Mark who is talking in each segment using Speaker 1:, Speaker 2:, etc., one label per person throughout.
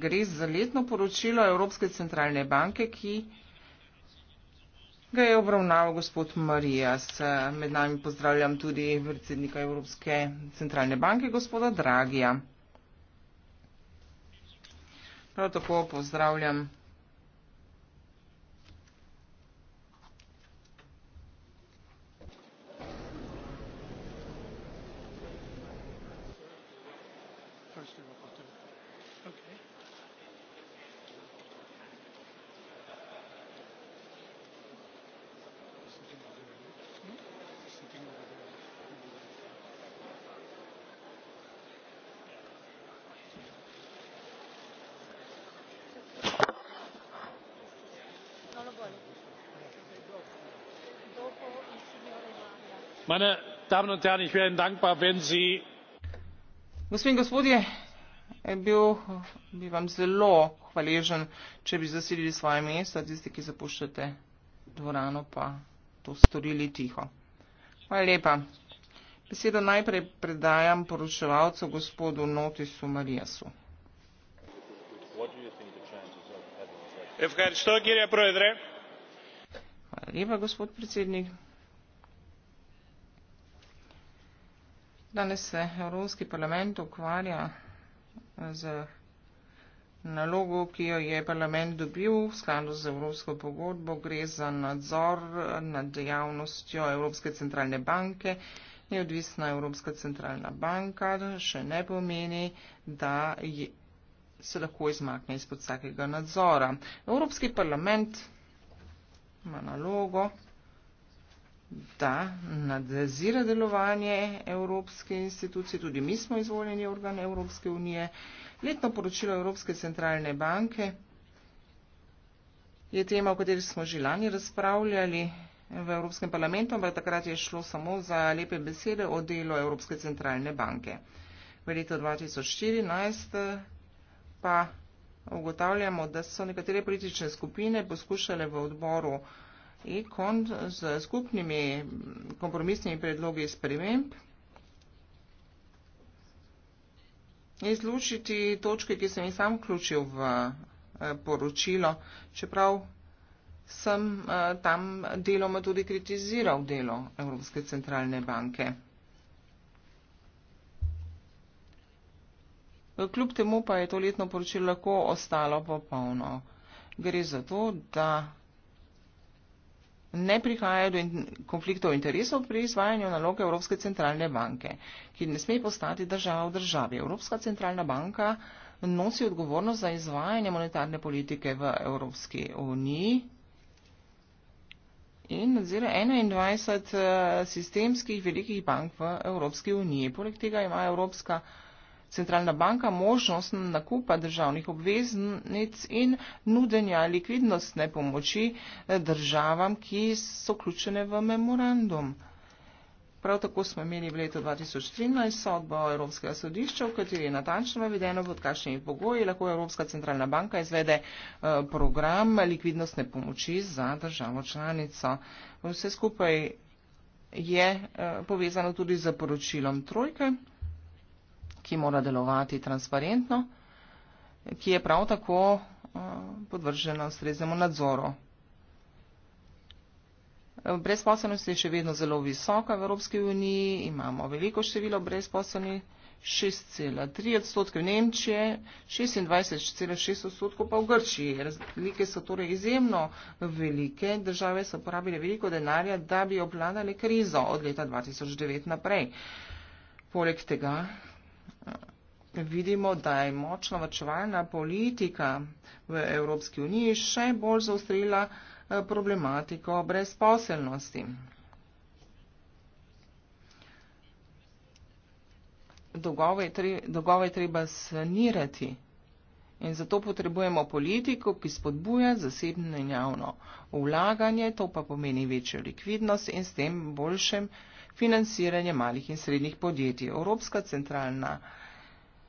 Speaker 1: Gre za letno poročilo Evropske centralne banke, ki ga je obravnaval gospod Marijas. Med nami pozdravljam tudi predsednika Evropske centralne banke, gospoda Dragija. Prav tako pozdravljam.
Speaker 2: meine damen und herren ich wäre ihnen dankbar
Speaker 1: wenn sie Gospod in gospodje, eh, bil, bi vam zelo hvaležen, če bi zasedili svoje mesta, tisti, ki zapuščate dvorano, pa to storili tiho. Hvala lepa. Besedo najprej predajam poročevalcu gospodu Notisu Marijasu. Hvala lepa, gospod predsednik. Danes se Evropski parlament ukvarja z nalogo, ki jo je parlament dobil v skladu z Evropsko pogodbo. Gre za nadzor nad dejavnostjo Evropske centralne banke. Neodvisna Evropska centralna banka še ne pomeni, da je, se lahko izmakne izpod vsakega nadzora. Evropski parlament ima nalogo da nadzira delovanje Evropske institucije, tudi mi smo izvoljeni organ Evropske unije. Letno poročilo Evropske centralne banke je tema, o kateri smo že lani razpravljali v Evropskem parlamentu, ampak takrat je šlo samo za lepe besede o delu Evropske centralne banke. V letu 2014 pa ugotavljamo, da so nekatere politične skupine poskušale v odboru ekon z skupnimi kompromisnimi predlogi sprememb izlučiti točke, ki sem jih sam vključil v eh, poročilo, čeprav sem eh, tam deloma tudi kritiziral delo Evropske centralne banke. Eh, kljub temu pa je to letno poročilo lahko ostalo popolno. Gre za to, da ne prihaja do konfliktov interesov pri izvajanju naloge Evropske centralne banke, ki ne sme postati država v državi. Evropska centralna banka nosi odgovornost za izvajanje monetarne politike v Evropski uniji in nadzira 21 eh, sistemskih velikih bank v Evropski uniji. Poleg tega ima Evropska centralna banka centralna banka možnost nakupa državnih obveznic in nudenja likvidnostne pomoči eh, državam, ki so vključene v memorandum. Prav tako smo imeli v letu 2013 sodbo Evropskega sodišča, v kateri je natančno navedeno, pod kakšnimi pogoji lahko Evropska centralna banka izvede eh, program likvidnostne pomoči za državo članico. Vse skupaj je eh, povezano tudi z poročilom Trojke ki mora delovati transparentno, ki je prav tako eh, podvržena ustreznemu nadzoru. Eh, brezposelnost je še vedno zelo visoka v Evropski uniji, imamo veliko število brezposelnih, 6,3 odstotka v Nemčiji, 26,6 odstotkov pa v Grčiji. Razlike so torej izjemno velike, države so porabile veliko denarja, da bi obvladali krizo od leta 2009 naprej. Poleg tega vidimo, da je močna vrčevalna politika v Evropski uniji še bolj zaustrela eh, problematiko brezposelnosti. Dogove, tre, dogove treba sanirati in zato potrebujemo politiko, ki spodbuja zasebno in javno vlaganje, to pa pomeni večjo likvidnost in s tem boljšem financiranje malih in srednjih podjetij. Evropska centralna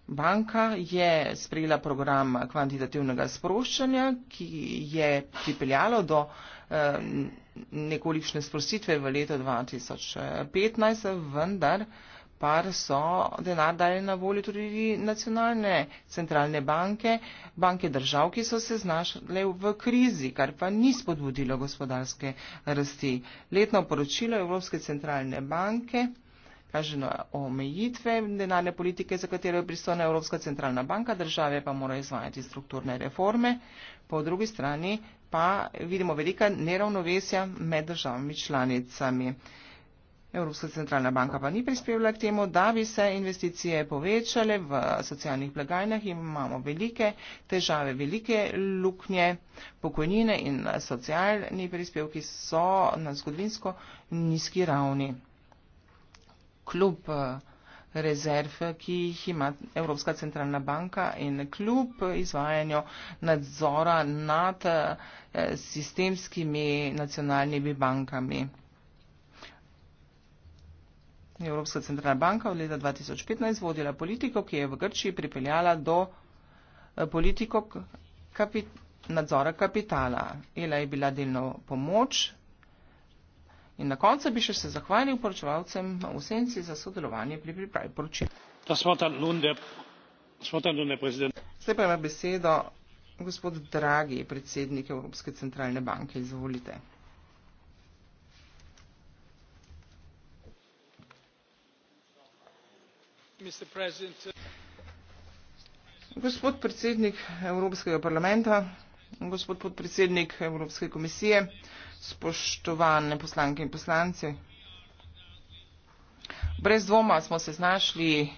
Speaker 1: Banka je sprejela program kvantitativnega sproščanja, ki je pripeljalo do eh, nekolične sprostitve v letu 2015, vendar par so denar dali na voljo tudi nacionalne centralne banke, banke držav, ki so se znašle v krizi, kar pa ni spodbudilo gospodarske rasti. Letno poročilo Evropske centralne banke kažejo omejitve denarne politike, za katero je pristojna Evropska centralna banka, države pa morajo izvajati strukturne reforme, po drugi strani pa vidimo velika neravnovesja med državami članicami. Evropska centralna banka pa ni prispevala k temu, da bi se investicije povečale v socialnih blagajnah in imamo velike težave, velike luknje, pokojnine in socialni prispevki so na zgodovinsko nizki ravni kljub eh, rezerv, ki jih ima Evropska centralna banka in kljub izvajanju nadzora nad eh, sistemskimi nacionalnimi bankami. Evropska centralna banka v leta 2015 vodila politiko, ki je v Grčiji pripeljala do eh, politiko kapit nadzora kapitala. Ela je bila delno pomoč In na koncu bi še se zahvalil poročevalcem v senci za sodelovanje pri pripravi poročila. Ja, Zdaj pa ima besedo gospod Dragi, predsednik Evropske centralne banke. Izvolite.
Speaker 2: Uh,
Speaker 1: gospod predsednik Evropskega parlamenta, gospod podpredsednik Evropske komisije, spoštovane poslanke in poslanci. Brez dvoma smo se znašli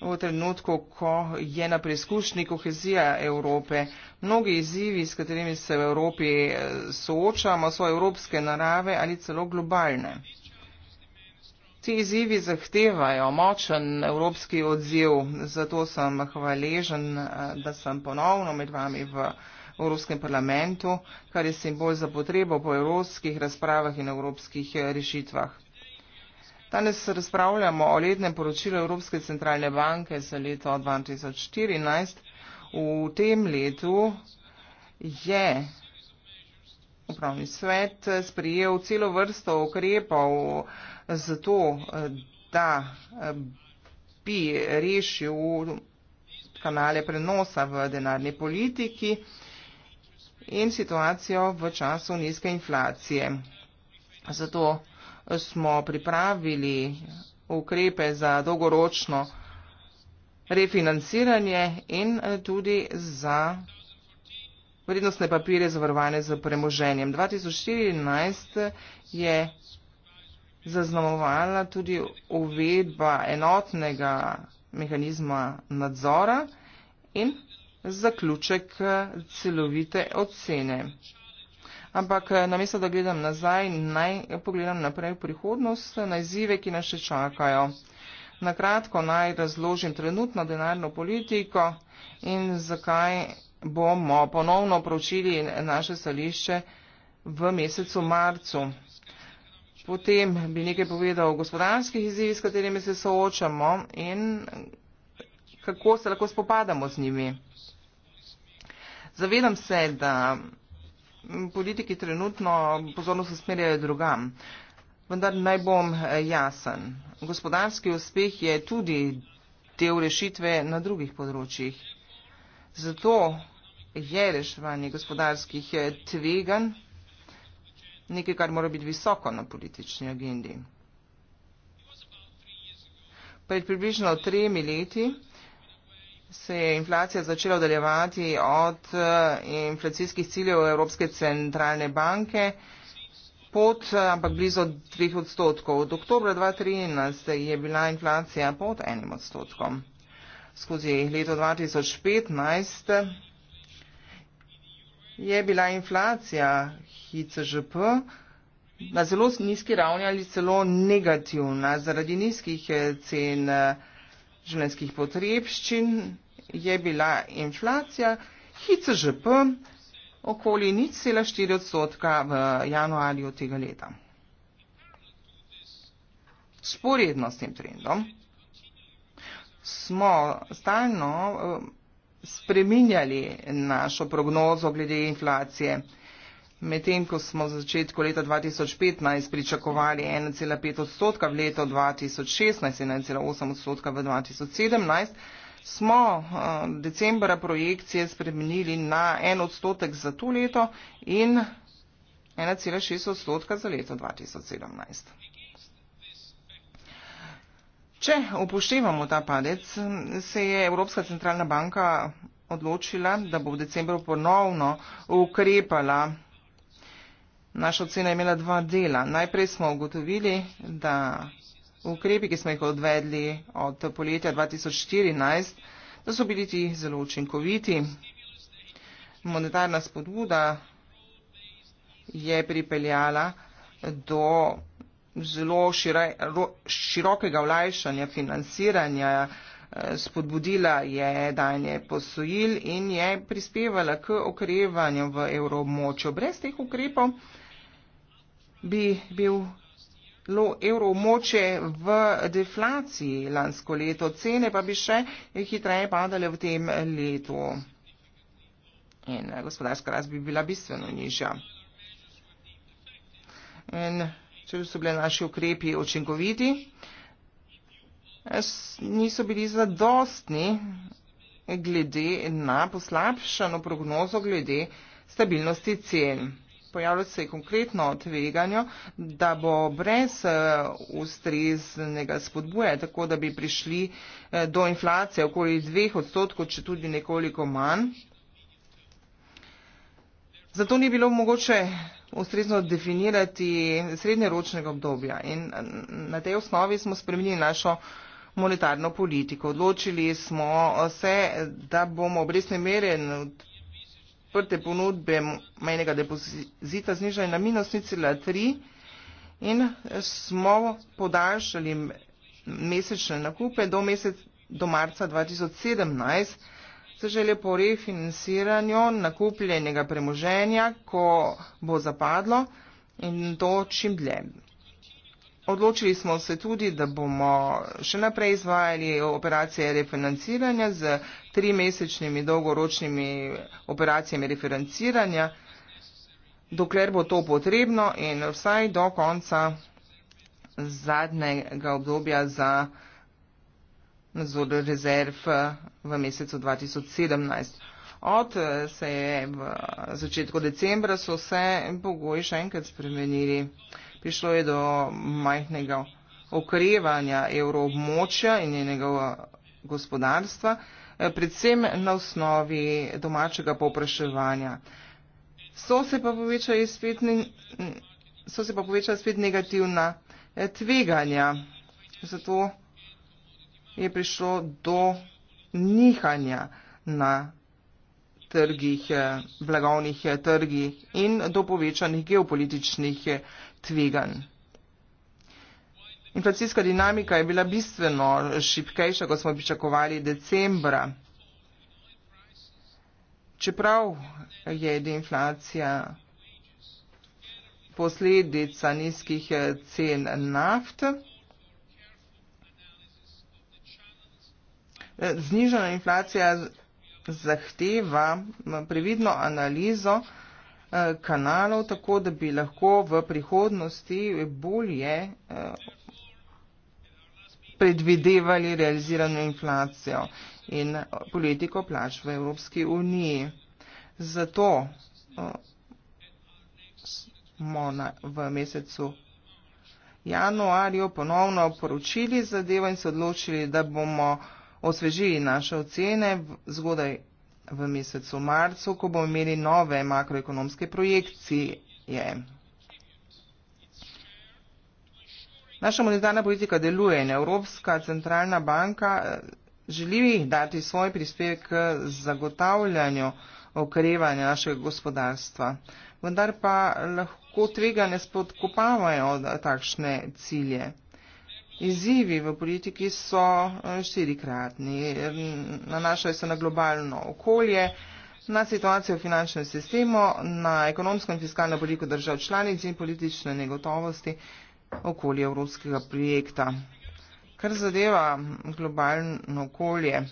Speaker 1: v trenutku, ko je na preizkušnji kohezija Evrope. Mnogi izzivi, s katerimi se v Evropi eh, soočamo, so evropske narave ali celo globalne. Ti izzivi zahtevajo močen evropski odziv, zato sem hvaležen, eh, da sem ponovno med vami v v Evropskem parlamentu, kar je simbol za potrebo po evropskih razpravah in evropskih eh, rešitvah. Danes razpravljamo o letnem poročilu Evropske centralne banke za leto 2014. V tem letu je upravni svet eh, sprijel celo vrsto ukrepov za to, eh, da bi rešil kanale prenosa v denarni politiki in situacijo v času nizke inflacije. Zato smo pripravili ukrepe za dolgoročno refinanciranje in eh, tudi za vrednostne papire zavarovane z premoženjem. 2014 je zaznamovala tudi uvedba enotnega mehanizma nadzora in zaključek eh, celovite ocene. Ampak eh, namesto, da gledam nazaj, naj pogledam naprej v prihodnost na izzive, ki nas še čakajo. Na kratko naj razložim trenutno denarno politiko in zakaj bomo ponovno pročili naše stališče v mesecu marcu. Potem bi nekaj povedal o gospodarskih izzivih, s katerimi se soočamo in kako se lahko spopadamo z njimi. Zavedam se, da politiki trenutno pozornost usmerjajo drugam, vendar naj bom eh, jasen. Gospodarski uspeh je tudi del rešitve na drugih področjih. Zato je reševanje gospodarskih eh, tvegan nekaj, kar mora biti visoko na politični agendi. Pred približno tremi leti se je inflacija začela oddaljevati od eh, inflacijskih ciljev Evropske centralne banke pod eh, ampak blizu 3 odstotkov. Od oktobra 2013 je bila inflacija pod enim odstotkom. Skozi leto 2015 je bila inflacija HCŽP na zelo nizki ravni ali celo negativna zaradi nizkih eh, cen življenjskih potrebščin je bila inflacija HCŽP okoli 0,4 odstotka v januarju tega leta. Sporedno s tem trendom smo stalno eh, spreminjali našo prognozo glede inflacije. Medtem ko smo v začetku leta 2015 pričakovali 1,5 odstotka v letu 2016 in 1,8 odstotka v 2017, smo eh, decembra projekcije spremenili na 1 odstotek za to leto in 1,6 odstotka za leto 2017. Če upoštevamo ta padec, se je Evropska centralna banka odločila, da bo v decembru ponovno ukrepala Naša ocena je imela dva dela. Najprej smo ugotovili, da ukrepi, ki smo jih odvedli od poletja 2014, da so bili ti zelo učinkoviti. Monetarna spodbuda je pripeljala do zelo širo, širokega vlajšanja, financiranja, eh, spodbudila je danje posojil in je prispevala k okrevanju v evroobmočju. Brez teh ukrepov bi bil. Evro moče v deflaciji lansko leto, cene pa bi še hitreje padale v tem letu in gospodarska rast bi bila bistveno nižja. In če so bile naši ukrepi očinkoviti, niso bili zadostni glede na poslabšano prognozo glede stabilnosti cen pojavljajo se konkretno tveganje, da bo brez eh, ustreznega spodbuja, tako da bi prišli eh, do inflacije okoli dveh odstotkov, če tudi nekoliko manj. Zato ni bilo mogoče ustrezno definirati srednjeročnega obdobja in eh, na tej osnovi smo spremenili našo monetarno politiko. Odločili smo se, da bomo obresne mere odprte ponudbe majnega depozita znižali na minus 0,3 in smo podaljšali mesečne nakupe do, mesec, do marca 2017 z željo po refinanciranju nakupljenega premoženja, ko bo zapadlo in to čim dlje. Odločili smo se tudi, da bomo še naprej izvajali operacije refinanciranja z trimesečnimi dolgoročnimi operacijami refinanciranja, dokler bo to potrebno in vsaj do konca zadnjega obdobja za nazor rezerv v mesecu 2017. Od se je v začetku decembra so se pogoji še enkrat spremenili prišlo je do majhnega okrevanja evroobmočja in njenega uh, gospodarstva, eh, predvsem na osnovi domačega popraševanja. So se pa povečali spet, ne, so se pa povečali spet negativna eh, tveganja, zato je prišlo do nihanja na trgih, eh, blagovnih trgih in do povečanih geopolitičnih tvegan. Inflacijska dinamika je bila bistveno šipkejša, kot smo pričakovali decembra. Čeprav je deinflacija posledica nizkih eh, cen naft, eh, znižena inflacija zahteva previdno analizo, Eh, kanalov, tako da bi lahko v prihodnosti bolje eh, predvidevali realizirano inflacijo in eh, politiko plač v Evropski uniji. Zato smo v mesecu januarju ponovno poročili zadevo in se odločili, da bomo osvežili naše ocene zgodaj v mesecu marcu, ko bomo imeli nove makroekonomske projekcije. Naša monetarna politika deluje in Evropska centralna banka eh, želi dati svoj prispevek k zagotavljanju okrevanja našega gospodarstva. Vendar pa lahko tvega ne spodkopavajo takšne cilje. Izzivi v politiki so eh, štirikratni, nanašajo se na globalno okolje, na situacijo v finančnem sistemu, na ekonomsko in fiskalno politiko držav članic in politične negotovosti okolje evropskega projekta. Kar zadeva globalno okolje,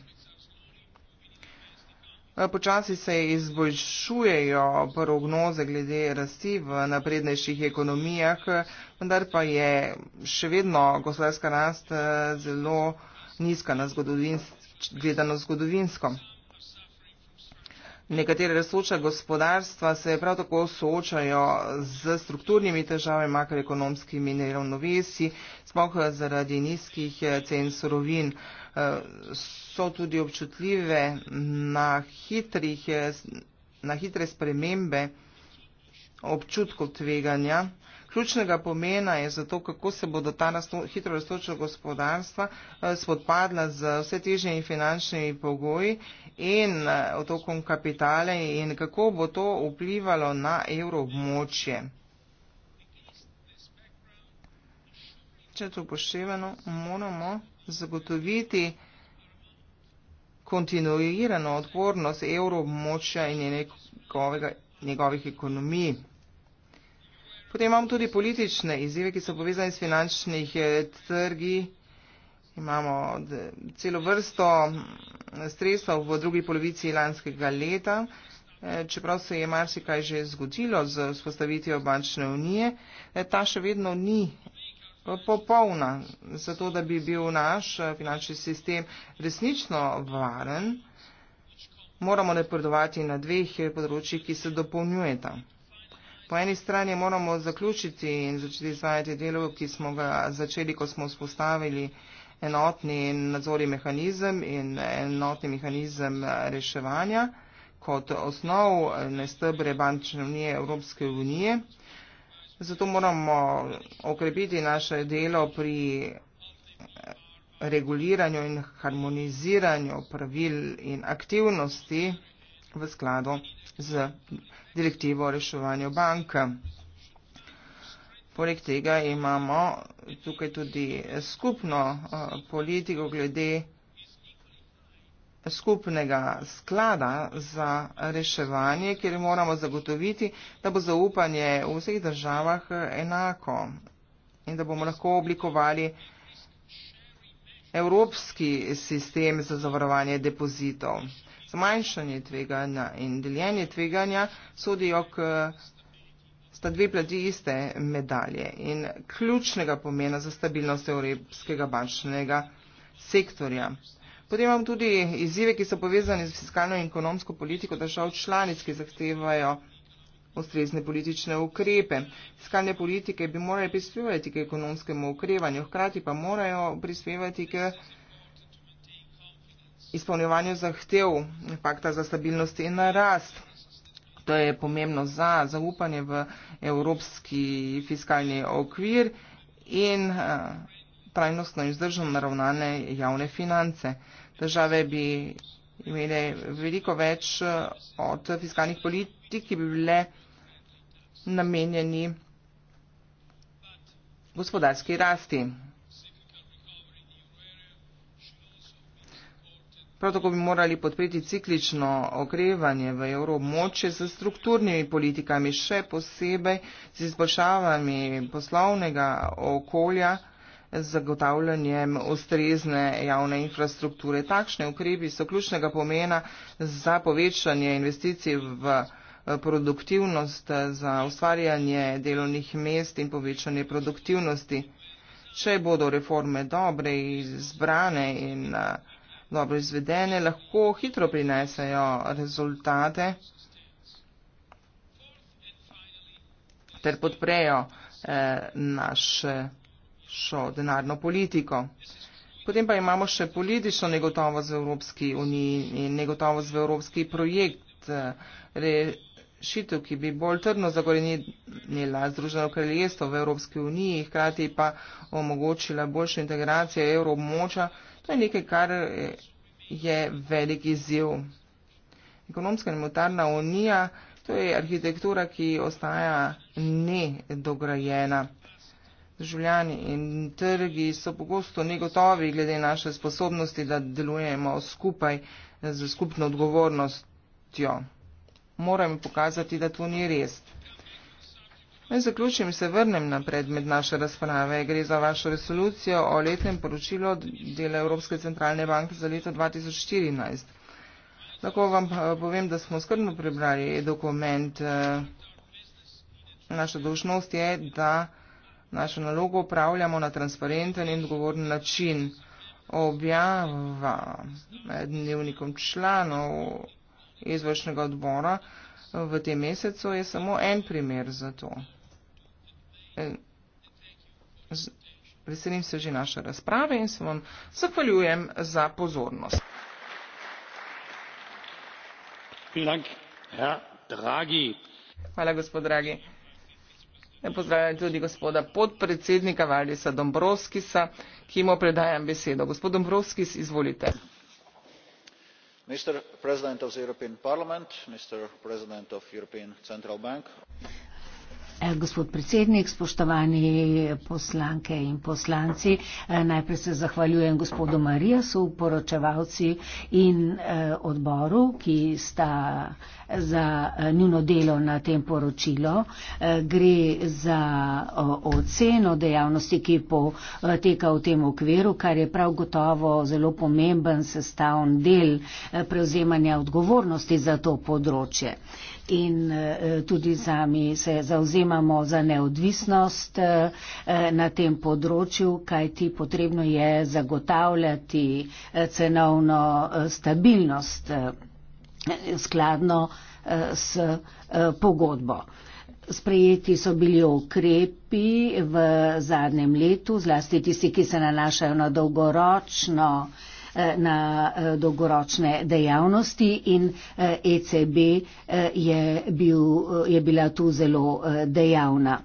Speaker 1: Eh, počasi se izboljšujejo prognoze glede rasti v naprednejših ekonomijah, vendar pa je še vedno gospodarska rast eh, zelo nizka na zgodovinsko. Gledano zgodovinsko. Nekatere resoča gospodarstva se prav tako soočajo z strukturnimi težavami, makroekonomskimi neravnovesi, spoh zaradi nizkih eh, cen surovin. Eh, so tudi občutljive na, hitrih, eh, na hitre spremembe občutkov tveganja. Ključnega pomena je zato, kako se bodo ta rasto, hitro raztočila gospodarstva eh, spodpadla z vse težje in finančnimi pogoji in eh, otokom kapitale in kako bo to vplivalo na evroobmočje. Če to poštevano, moramo zagotoviti kontinuirano odpornost evroobmočja in njegovega, njegovih ekonomij. Potem imamo tudi politične izzive, ki so povezani s finančnih eh, trgi. Imamo celo vrsto mm, stresov v drugi polovici lanskega leta, eh, čeprav se je marsikaj že zgodilo z vzpostavitvijo bančne unije. Eh, ta še vedno ni popolna, zato da bi bil naš finančni sistem resnično varen, moramo napredovati na dveh področjih, ki se dopolnjujeta. Po eni strani moramo zaključiti in začeti izvajati delo, ki smo ga začeli, ko smo vzpostavili enotni nadzori mehanizem in enotni mehanizem reševanja kot osnov nestebre bančne unije Evropske unije. Zato moramo okrepiti naše delo pri reguliranju in harmoniziranju pravil in aktivnosti v skladu z direktivo o reševanju bank. Poleg tega imamo tukaj tudi skupno eh, politiko glede skupnega sklada za reševanje, kjer moramo zagotoviti, da bo zaupanje v vseh državah eh, enako in da bomo lahko oblikovali evropski sistem za zavarovanje depozitov zmanjšanje tveganja in deljenje tveganja sodijo k sta dve plati iste medalje in ključnega pomena za stabilnost evropskega bančnega sektorja. Potem imam tudi izzive, ki so povezani z fiskalno in ekonomsko politiko držav članic, ki zahtevajo ustrezne politične ukrepe. Fiskalne politike bi morali prispevati k ekonomskemu ukrevanju, hkrati pa morajo prispevati k izpolnjevanju zahtev pakta za stabilnost in rast. To je pomembno za zaupanje v evropski fiskalni okvir in eh, trajnostno in zdržno naravnane javne finance. Države bi imele veliko več eh, od fiskalnih politik, ki bi bile namenjeni gospodarski rasti. Prav tako bi morali podpreti ciklično okrevanje v evroobmočje z strukturnimi politikami, še posebej z izboljšavami poslovnega okolja, z zagotavljanjem ustrezne javne infrastrukture. Takšne ukrepi so ključnega pomena za povečanje investicij v eh, produktivnost, za ustvarjanje delovnih mest in povečanje produktivnosti. Če bodo reforme dobre, izbrane in uh, dobro izvedene, lahko hitro prinesajo rezultate ter podprejo eh, našo denarno politiko. Potem pa imamo še politično negotovost v Evropski uniji in negotovost v Evropski projekt eh, rešitev, ki bi bolj trdno zagorenila Združeno kraljestvo v Evropski uniji, hkrati pa omogočila boljšo integracijo evroobmoča. To je nekaj, kar eh, je velik izziv. Ekonomska in monetarna unija, to je arhitektura, ki ostaja nedograjena. Državljani in trgi so pogosto negotovi glede naše sposobnosti, da delujemo skupaj z eh, skupno odgovornostjo. Moramo pokazati, da to ni res. Naj zaključim in se vrnem na predmet naše razprave. Gre za vašo resolucijo o letnem poročilu dela Evropske centralne banke za leto 2014. Lahko vam eh, povem, da smo skrbno prebrali dokument. Eh, naša dožnost je, da našo nalogo upravljamo na transparenten in odgovoren način. Objava dnevnikom članov izvršnega odbora v tem mesecu je samo en primer za to. Veselim se že naše razprave in se vam zahvaljujem za pozornost. Hvala, gospod Dragi. Ja, pozdravljam tudi gospoda podpredsednika Valjisa Dombrovskisa, ki mu predajam besedo. Gospod Dombrovskis, izvolite.
Speaker 2: Gospod predsednik Evropskega parlamenta, gospod predsednik Evropske centralne banke.
Speaker 3: Eh, gospod predsednik, spoštovani poslanke in poslanci, eh, najprej se zahvaljujem gospodu Marijasu, poročevalci in eh, odboru, ki sta za njuno delo na tem poročilo. Gre za oceno dejavnosti, ki poteka v tem okviru, kar je prav gotovo zelo pomemben sestavn del prevzemanja odgovornosti za to področje in eh, tudi sami se zauzemamo za neodvisnost eh, na tem področju, kajti potrebno je zagotavljati eh, cenovno stabilnost skladno s pogodbo. Sprejeti so bili ukrepi v zadnjem letu, zlasti tisti, ki se nanašajo na dolgoročno eh, Eh, na eh, dolgoročne dejavnosti in ECB eh, e je, bil, je bila tu zelo dejavna.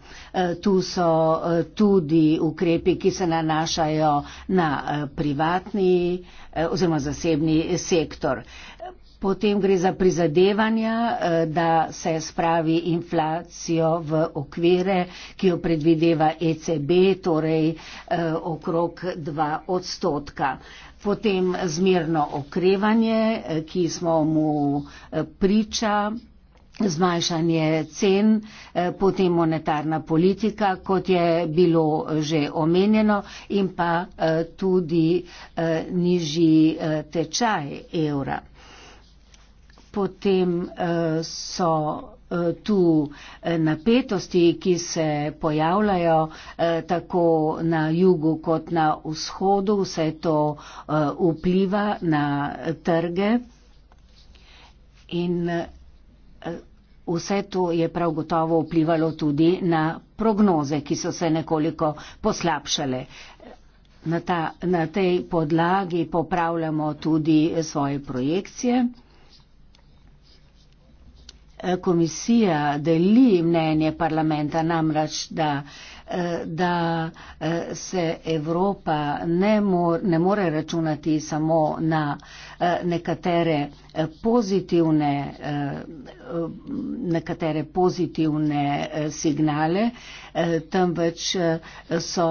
Speaker 3: Tu so tudi ukrepi, ki se nanašajo na privatni oziroma zasebni sektor. Potem gre za prizadevanja, da se spravi inflacijo v okvire, ki jo predvideva ECB, torej okrog 2 odstotka potem zmerno okrevanje, ki smo mu eh, priča, zmanjšanje cen, eh, potem monetarna politika, kot je bilo že omenjeno, in pa eh, tudi nižji tečaj evra. Potem so tu eh, napetosti, ki se pojavljajo eh, tako na jugu kot na vzhodu, vse to eh, vpliva na trge. In vse to je prav gotovo vplivalo tudi na prognoze, ki so se nekoliko poslabšale. Na, ta, na tej podlagi popravljamo tudi svoje projekcije komisija deli mnenje parlamenta namreč, da, eh, da eh, se Evropa ne, mor, ne more računati samo na eh, nekatere pozitivne, nekatere pozitivne signale, temveč so,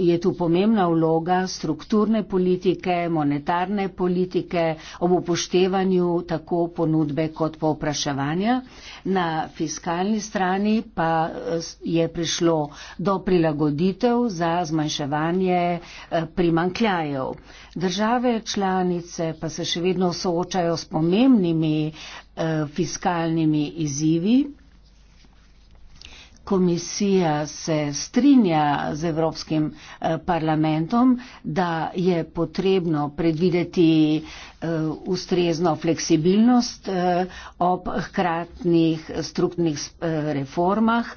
Speaker 3: je tu pomembna vloga strukturne politike, monetarne politike ob upoštevanju tako ponudbe kot povpraševanja. Na fiskalni strani pa je prišlo do prilagoditev za zmanjševanje primankljajev. Države članice pa se še vedno soočajo s pomembnimi eh, fiskalnimi izzivi. Komisija se strinja z Evropskim eh, parlamentom, da je potrebno predvideti Eh, ustrezno fleksibilnost eh, ob hkratnih strukturnih eh, reformah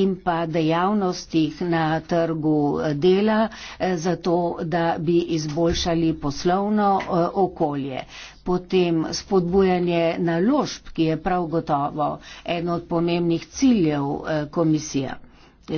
Speaker 3: in pa dejavnostih na trgu dela, zato da bi izboljšali poslovno okolje. Potem spodbujanje naložb, ki je prav gotovo eno od pomembnih ciljev komisije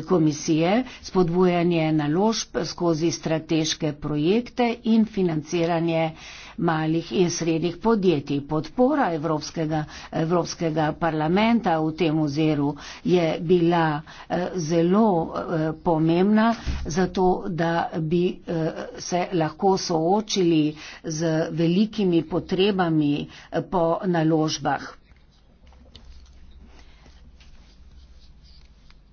Speaker 3: komisije, spodbujanje naložb skozi strateške projekte in financiranje malih in srednjih podjetij. Podpora Evropskega, Evropskega parlamenta v tem oziru je bila eh, zelo eh, pomembna zato, da bi eh, se lahko soočili z velikimi potrebami po naložbah.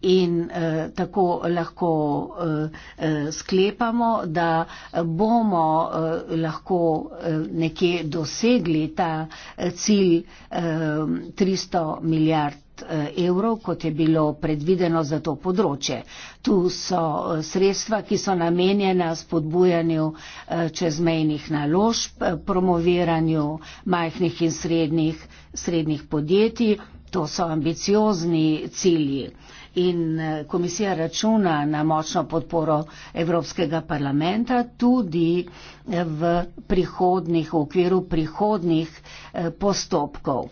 Speaker 3: in eh, tako lahko eh, eh, sklepamo, da bomo eh, lahko eh, nekje dosegli ta eh, cilj eh, 300 milijard eh, evrov, kot je bilo predvideno za to področje. Tu so sredstva, ki so namenjena spodbujanju čezmejnih naložb, promoviranju majhnih in srednjih, srednjih podjetij. To so ambiciozni cilji in eh, komisija računa na močno podporo Evropskega parlamenta tudi eh, v prihodnih, v okviru prihodnih eh, postopkov.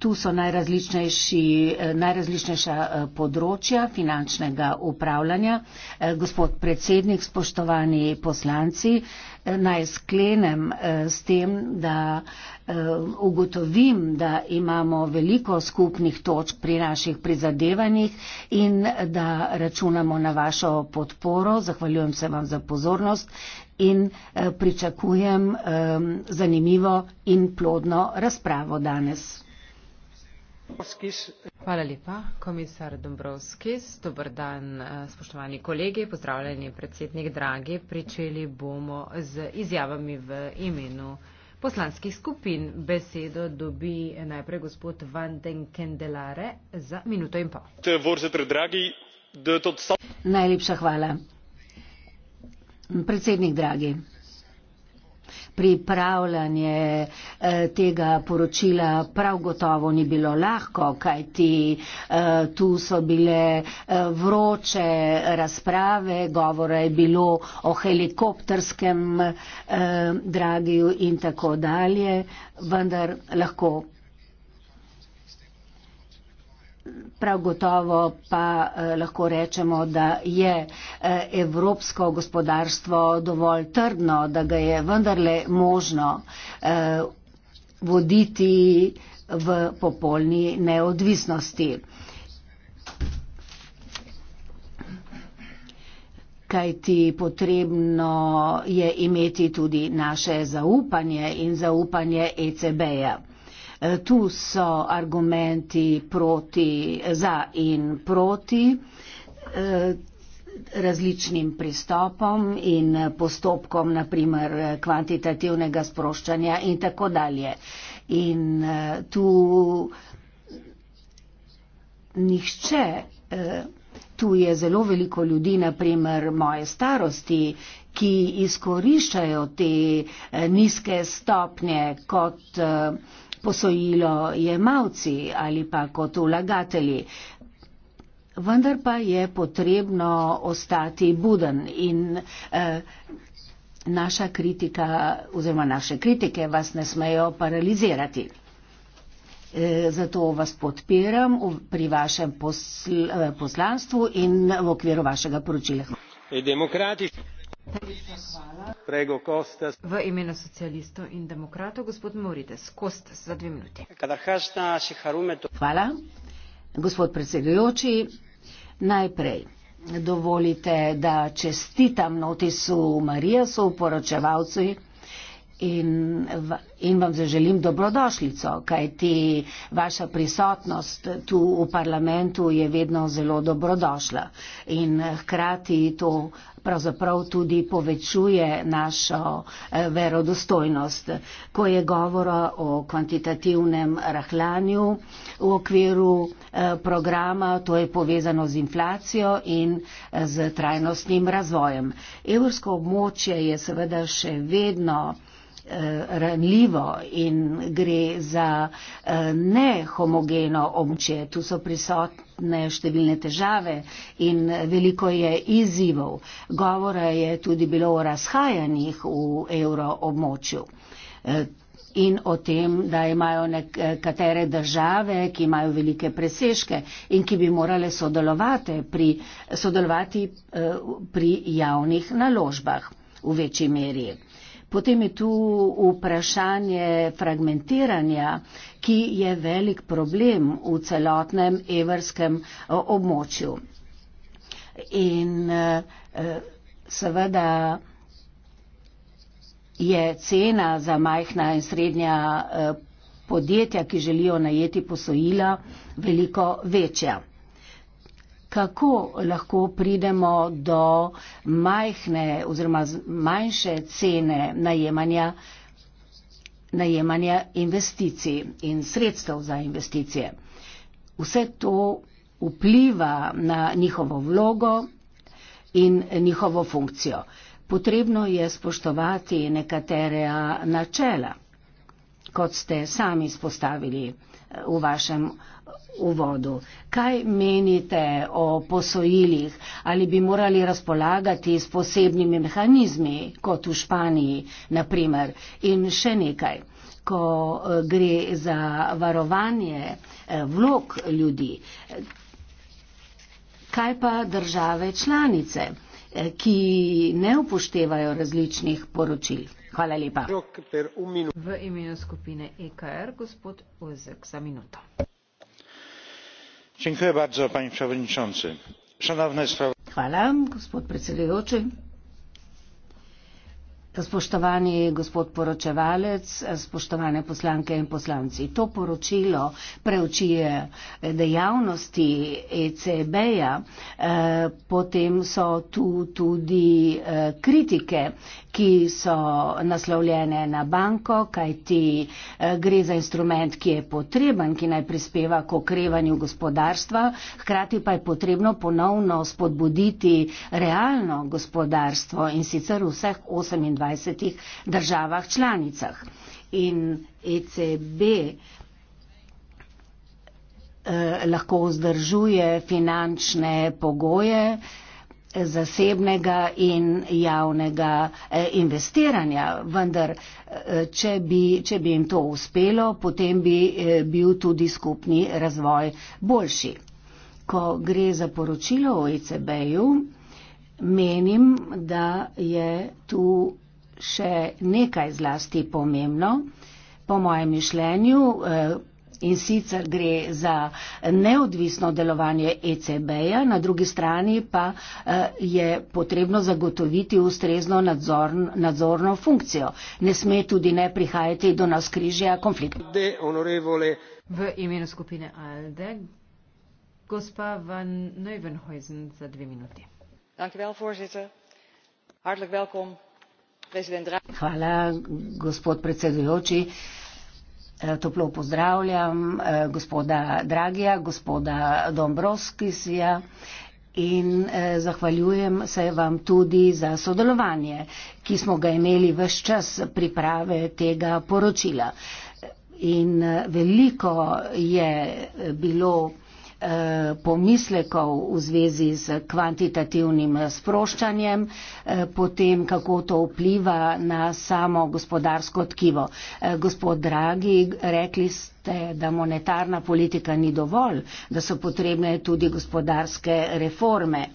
Speaker 3: Tu so eh, najrazličnejša eh, področja finančnega upravljanja. Eh, gospod predsednik, spoštovani poslanci, naj sklenem s tem, da ugotovim, da imamo veliko skupnih točk pri naših prizadevanjih in da računamo na vašo podporo. Zahvaljujem se vam za pozornost in pričakujem zanimivo in plodno razpravo danes.
Speaker 4: Hvala lepa, komisar Dombrovskis. Dobar dan, eh, spoštovani kolegi, pozdravljeni predsednik Dragi. Pričeli bomo z izjavami v imenu poslanskih skupin. Besedo dobi najprej gospod
Speaker 3: Van den Kendelare za minuto in pol. Najlepša hvala. Predsednik Dragi pripravljanje eh, tega poročila prav gotovo ni bilo lahko, kajti eh, tu so bile eh, vroče razprave, govora je bilo o helikopterskem dragiju in tako dalje, vendar lahko Prav gotovo pa eh, lahko rečemo, da je eh, evropsko gospodarstvo dovolj trdno, da ga je vendarle možno eh, voditi v popolni neodvisnosti. Kaj ti potrebno je imeti tudi naše zaupanje in zaupanje ECB-ja. Tu so argumenti proti, za in proti eh, različnim pristopom in postopkom, naprimer kvantitativnega sproščanja in tako dalje. In eh, tu nihče, eh, tu je zelo veliko ljudi, naprimer moje starosti, ki izkoriščajo te nizke stopnje kot posojilo jemalci ali pa kot vlagatelji. Vendar pa je potrebno ostati buden in eh, naša kritika oziroma naše kritike vas ne smejo paralizirati. Eh, zato vas podpiram pri vašem posl eh, poslanstvu in v okviru vašega poročila. E V
Speaker 4: imenu socialistov in demokratov, gospod Morides, kost za dve minuti.
Speaker 3: Hvala, gospod predsedujoči. Najprej, dovolite, da čestitam notisu Marijasu, poročevalcu in, in vam zaželim dobrodošlico, kajti vaša prisotnost tu v parlamentu je vedno zelo dobrodošla in hkrati to pravzaprav tudi povečuje našo eh, verodostojnost. Ko je govora o kvantitativnem rahlanju v okviru eh, programa, to je povezano z inflacijo in eh, z trajnostnim razvojem. Evropsko območje je seveda še vedno Eh, ranljivo in gre za eh, nehomogeno območje. Tu so prisotne številne težave in veliko je izzivov. Govora je tudi bilo o razhajanjih v evroobmočju. Eh, in o tem, da imajo nekatere države, ki imajo velike presežke in ki bi morale sodelovati pri, sodelovati pri javnih naložbah v večji meri. Potem je tu vprašanje fragmentiranja, ki je velik problem v celotnem evrskem eh, območju. In eh, seveda je cena za majhna in srednja eh, podjetja, ki želijo najeti posojila, veliko večja kako lahko pridemo do majhne oziroma manjše cene najemanja, najemanja investicij in sredstev za investicije. Vse to vpliva na njihovo vlogo in njihovo funkcijo. Potrebno je spoštovati nekatere načela, kot ste sami spostavili eh, v vašem uvodu. Kaj menite o posojilih? Ali bi morali razpolagati s posebnimi mehanizmi, kot v Španiji, naprimer? In še nekaj, ko eh, gre za varovanje eh, vlog ljudi. Kaj pa države članice, eh, ki ne upoštevajo različnih poročil? Hvala lepa.
Speaker 4: V imenu skupine EKR, gospod Ozek, za minuto
Speaker 3: gospod predsedujoči spoštovani gospod poročevalec spoštovane poslanke in poslanci to poročilo preučuje dejavnosti ecb ja eh, potem so tu tudi eh, kritike ki so naslovljene na banko, kajti eh, gre za instrument, ki je potreben, ki naj prispeva k okrevanju gospodarstva, hkrati pa je potrebno ponovno spodbuditi realno gospodarstvo in sicer v vseh 28 državah članicah. In ECB eh, lahko vzdržuje finančne pogoje, eh, zasebnega in javnega eh, investiranja. Vendar, eh, če bi, če bi jim to uspelo, potem bi eh, bil tudi skupni razvoj boljši. Ko gre za poročilo o ECB-ju, menim, da je tu še nekaj zlasti pomembno. Po mojem mišljenju, in sicer gre za neodvisno delovanje ECB-ja, na drugi strani pa eh, je potrebno zagotoviti ustrezno nadzor, nadzorno funkcijo. Ne sme tudi ne prihajati do nas križja konfliktov. V imenu skupine
Speaker 4: ALDE, gospa Van Neuvenhuizen za dve minuti.
Speaker 3: Hvala, gospod predsedujoči. Uh, Eh, toplo pozdravljam eh, gospoda Dragija, gospoda Dombrovskisija in eh, zahvaljujem se vam tudi za sodelovanje, ki smo ga imeli vse čas priprave tega poročila. In veliko je bilo Eh, pomislekov v zvezi z kvantitativnim sproščanjem, eh, potem kako to vpliva na samo gospodarsko tkivo. Eh, gospod Dragi, rekli ste, da monetarna politika ni dovolj, da so potrebne tudi gospodarske reforme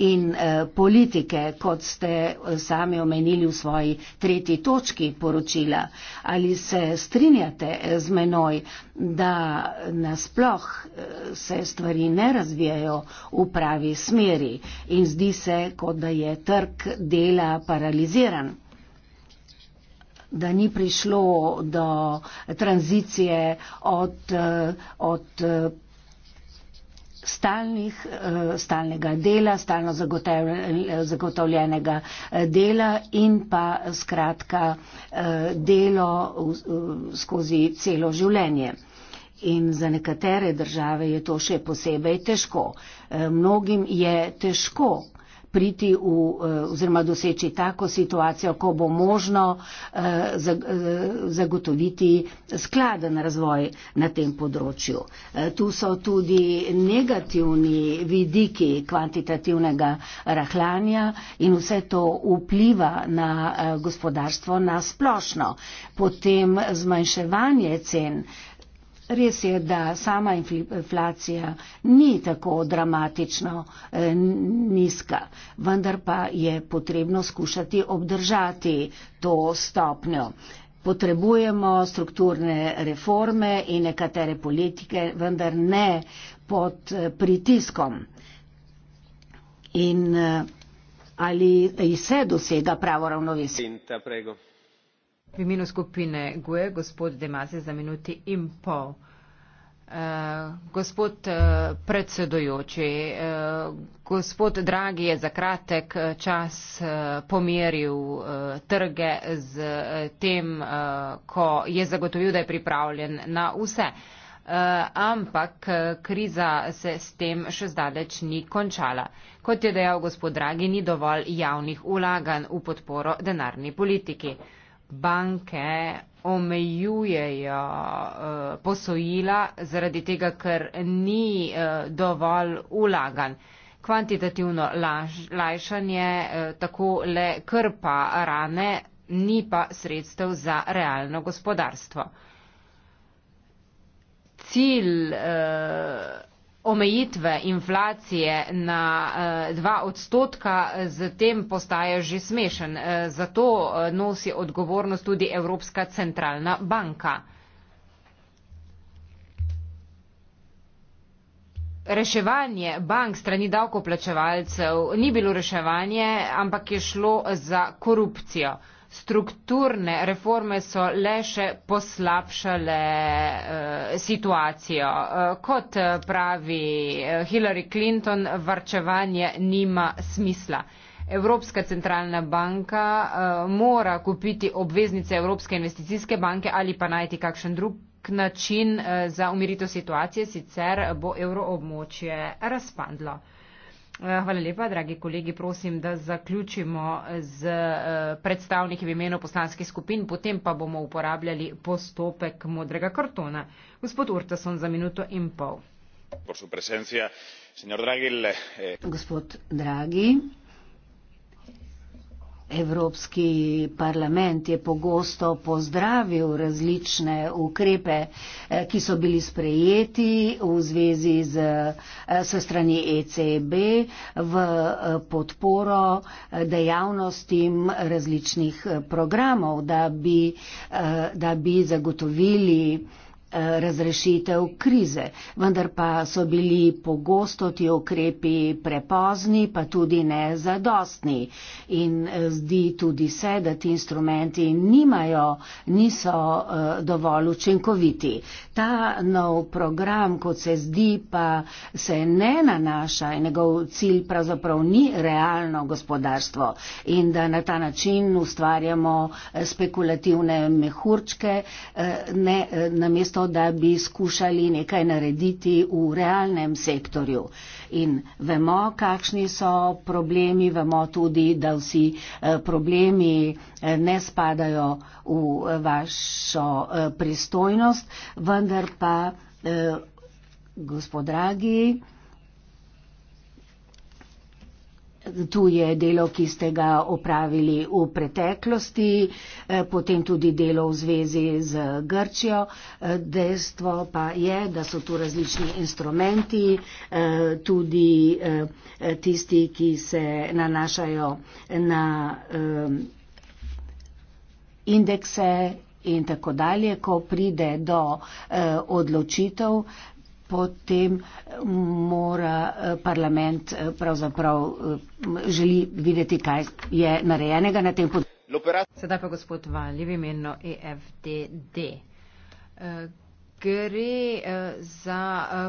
Speaker 3: in eh, politike, kot ste eh, sami omenili v svoji tretji točki poročila. Ali se strinjate eh, z menoj, da nasploh eh, se stvari ne razvijajo v pravi smeri in zdi se, kot da je trg dela paraliziran? da ni prišlo do tranzicije od, od stalnih, eh, stalnega dela, stalno eh, zagotovljenega eh, dela in pa skratka delo skozi celo življenje. In za nekatere države je to še posebej težko. Mnogim je težko priti v, eh, oziroma doseči tako situacijo, ko bo možno eh, eh, zagotoviti skladen razvoj na tem področju. Tu so tudi negativni vidiki kvantitativnega rahlanja in vse to vpliva na gospodarstvo na splošno. Potem zmanjševanje cen Res je, da sama inflacija ni tako dramatično eh, nizka, vendar pa je potrebno skušati obdržati to stopnjo. Potrebujemo strukturne reforme in nekatere politike, vendar ne pod eh, pritiskom. In eh, ali se dosega pravo ravnovesje?
Speaker 4: V imenu skupine GUE, gospod Demaze, za minuti in pol. Uh, gospod uh, predsedujoči, uh, gospod Dragi je za kratek čas uh, pomeril uh, trge z uh, tem, uh, ko je zagotovil, da je pripravljen na vse. Uh, ampak kriza se s tem še zdaleč ni končala. Kot je dejal gospod Dragi, ni dovolj javnih ulagan v podporo denarni politiki. Uh, banke omejujejo eh, posojila zaradi tega, ker ni eh, dovolj ulagan. Kvantitativno lajšanje eh, tako le krpa rane, ni pa sredstev za realno gospodarstvo. Cilj eh, omejitve inflacije na eh, dva odstotka, z tem postaje že smešen. Eh, zato eh, nosi odgovornost tudi Evropska centralna banka. Reševanje bank strani davkoplačevalcev ni bilo reševanje, ampak je šlo za korupcijo strukturne reforme so le še poslabšale eh, situacijo. Eh, kot eh, pravi Hillary Clinton, varčevanje nima smisla. Evropska centralna banka mora kupiti obveznice Evropske investicijske banke ali pa najti kakšen drug način za umiritev situacije, sicer bo evroobmočje razpadlo. Eh, hvala lepa, dragi kolegi. Prosim, da zaključimo z eh, predstavniki v imenu poslanskih skupin, potem pa bomo uporabljali postopek modrega kartona. Gospod Urtason za minuto in
Speaker 3: pol. Eh, Gospod Dragi, Evropski parlament je pogosto pozdravil različne ukrepe, eh, ki so bili sprejeti v zvezi z, eh, s strani ECB v eh, podporo dejavnostim različnih programov, da bi, da bi zagotovili Eh, razrešitev krize, vendar pa so bili pogosto ti ukrepi prepozni, pa tudi nezadostni. In eh, zdi tudi se, da ti instrumenti nimajo, niso eh, dovolj učinkoviti. Ta nov program, kot se zdi, pa se ne nanaša in njegov cilj pravzaprav ni realno gospodarstvo in da na ta način ustvarjamo spekulativne mehurčke, ne, namesto zato, da bi skušali nekaj narediti v realnem sektorju. In vemo, kakšni so problemi, vemo tudi, da vsi eh, problemi eh, ne spadajo v eh, vašo pristojnost, vendar pa, gospod Dragi, Tu je delo, ki ste ga opravili v preteklosti, eh, potem tudi delo v zvezi z Grčijo. Eh, dejstvo pa je, da so tu različni instrumenti, eh, tudi tisti, ki se nanašajo na indekse in tako dalje, ko pride do odločitev, potem eh, mora eh, parlament eh, pravzaprav želi videti, kaj je narejenega na tem področju.
Speaker 4: Sedaj pa gospod Valjev imeno EFDD. Gre za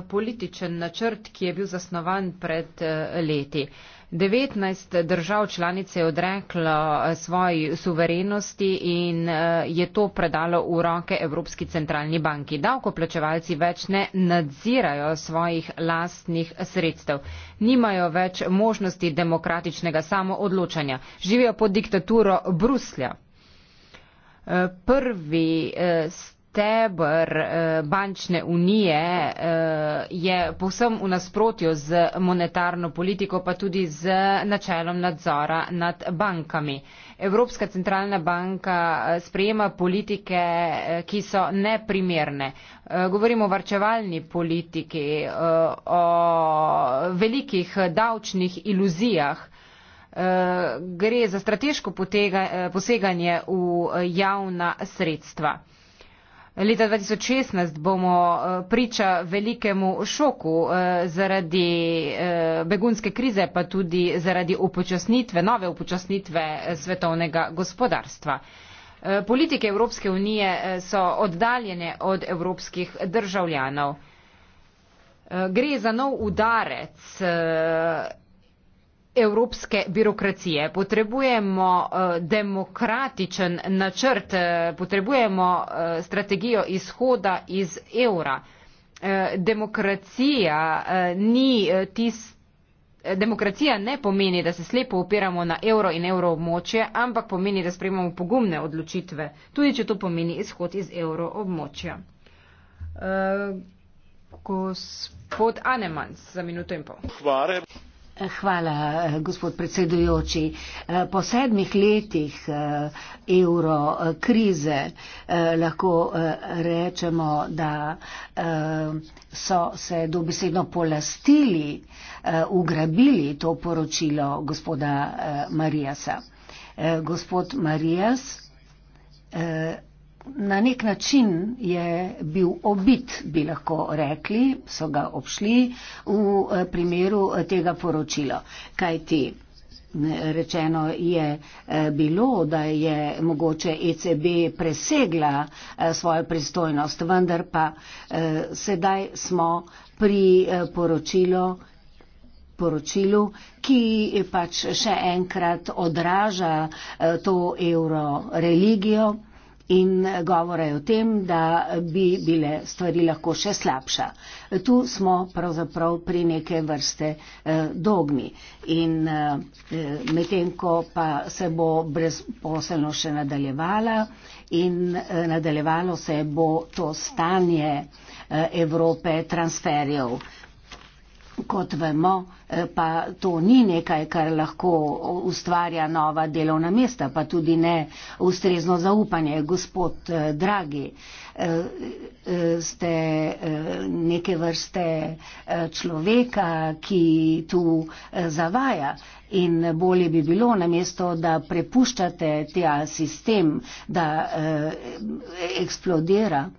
Speaker 4: političen načrt, ki je bil zasnovan pred leti. 19 držav članice je odreklo eh, svoji suverenosti in eh, je to predalo v roke Evropski centralni banki. Davkoplačevalci več ne nadzirajo svojih lastnih sredstev. Nimajo več možnosti demokratičnega samoodločanja. Živijo pod diktaturo Bruslja. Eh, prvi steber eh, bančne unije eh, je povsem v nasprotju z monetarno politiko, pa tudi z načelom nadzora nad bankami. Evropska centralna banka eh, sprejema politike, ki so neprimerne. Govorimo o varčevalni politiki, o velikih davčnih iluzijah. Gre za strateško posega, poseganje v javna sredstva. Leta 2016 bomo eh, priča velikemu šoku eh, zaradi eh, begunske krize, pa tudi zaradi upočasnitve, nove upočasnitve svetovnega gospodarstva. Politike Evropske unije so oddaljene od evropskih državljanov. Gre za nov udarec evropske birokracije. Potrebujemo eh, demokratičen načrt, eh, potrebujemo eh, strategijo izhoda iz evra. Demokracija, ni tis, demokracija ne pomeni, da se slepo upiramo na evro in evroobmočje, ampak pomeni, da sprejemamo pogumne odločitve, tudi če to pomeni izhod iz evroobmočja. Gospod Anemans, za minuto in pol.
Speaker 3: Hvala. Hvala, gospod predsedujoči. Po sedmih letih eh, evro eh, krize eh, lahko rečemo, da so se dobesedno polastili, ugrabili to poročilo gospoda Marijasa. Gospod Marijas, na nek način je bil obit, bi lahko rekli, so ga obšli v eh, primeru eh, tega poročila. Kaj ti? Rečeno je eh, bilo, da je mogoče ECB presegla svojo pristojnost, vendar pa sedaj smo pri poročilo, poročilu, ki pač še enkrat odraža to euro religijo in govore o tem, da bi bile stvari lahko še slabša. Tu smo pravzaprav pri neke vrste eh, dogmi in eh, eh medtem, ko pa se bo brezposelno še nadaljevala in eh, nadaljevalo se bo to stanje eh, Evrope transferjev kot vemo, eh, pa to ni nekaj, kar lahko ustvarja nova delovna mesta, pa tudi ne ustrezno zaupanje. Gospod eh, Dragi, eh, ste neke vrste človeka, ki tu zavaja. In bolje bi bilo, namesto da prepuščate ta sistem, da eh, eksplodira,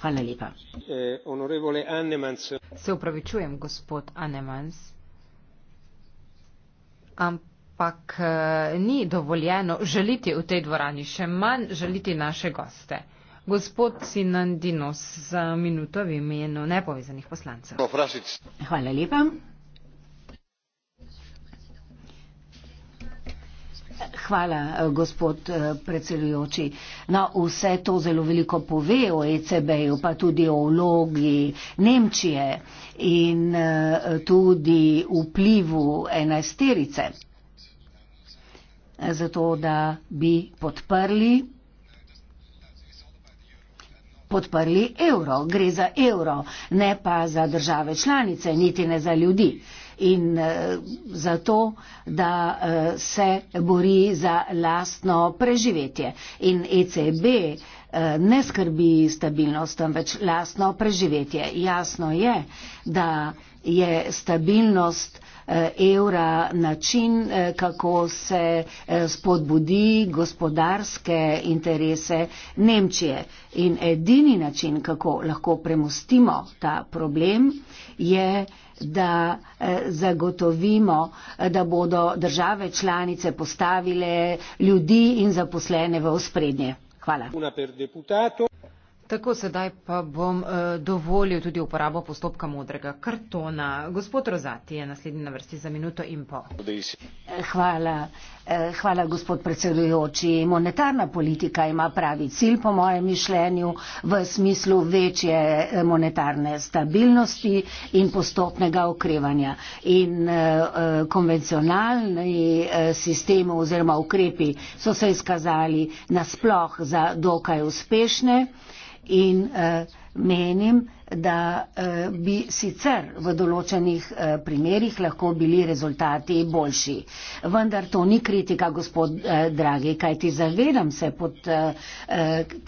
Speaker 3: Hvala lepa.
Speaker 2: Eh, Se
Speaker 4: upravičujem, gospod Annemans. Ampak eh, ni dovoljeno želiti v tej dvorani, še manj želiti naše goste. Gospod Sinandinos, za minuto v imenu nepovezanih poslancev.
Speaker 3: Hvala lepa. Hvala, eh, gospod eh, predsedujoči. Na no, vse to zelo veliko pove o ECB-ju, pa tudi o vlogi Nemčije in eh, tudi vplivu enajsterice. Zato, da bi podprli, podprli evro, gre za evro, ne pa za države članice, niti ne za ljudi in eh, zato, da eh, se bori za lastno preživetje. In ECB eh, ne skrbi stabilnost, ampak lastno preživetje. Jasno je, da je stabilnost evra način, kako se spodbudi gospodarske interese Nemčije. In edini način, kako lahko premustimo ta problem, je da eh, zagotovimo, eh, da bodo države članice postavile ljudi in zaposlene v ospredje. Hvala.
Speaker 4: Tako sedaj pa bom uh, dovolil tudi uporabo postopka modrega kartona. Gospod Rozati je naslednji na vrsti za minuto in pol.
Speaker 2: Eh,
Speaker 3: hvala. Eh, hvala, gospod predsedujoči. Monetarna politika ima pravi cilj, po mojem mišljenju, v smislu večje monetarne stabilnosti in postopnega okrevanja. In eh, konvencionalni eh, sistemi oziroma ukrepi so se izkazali nasploh za dokaj uspešne. Eh, in uh, menim, da uh, bi sicer v določenih uh, eh, primerjih lahko bili rezultati boljši. Vendar to ni kritika, gospod uh, Dragi, kajti zavedam se, pod uh,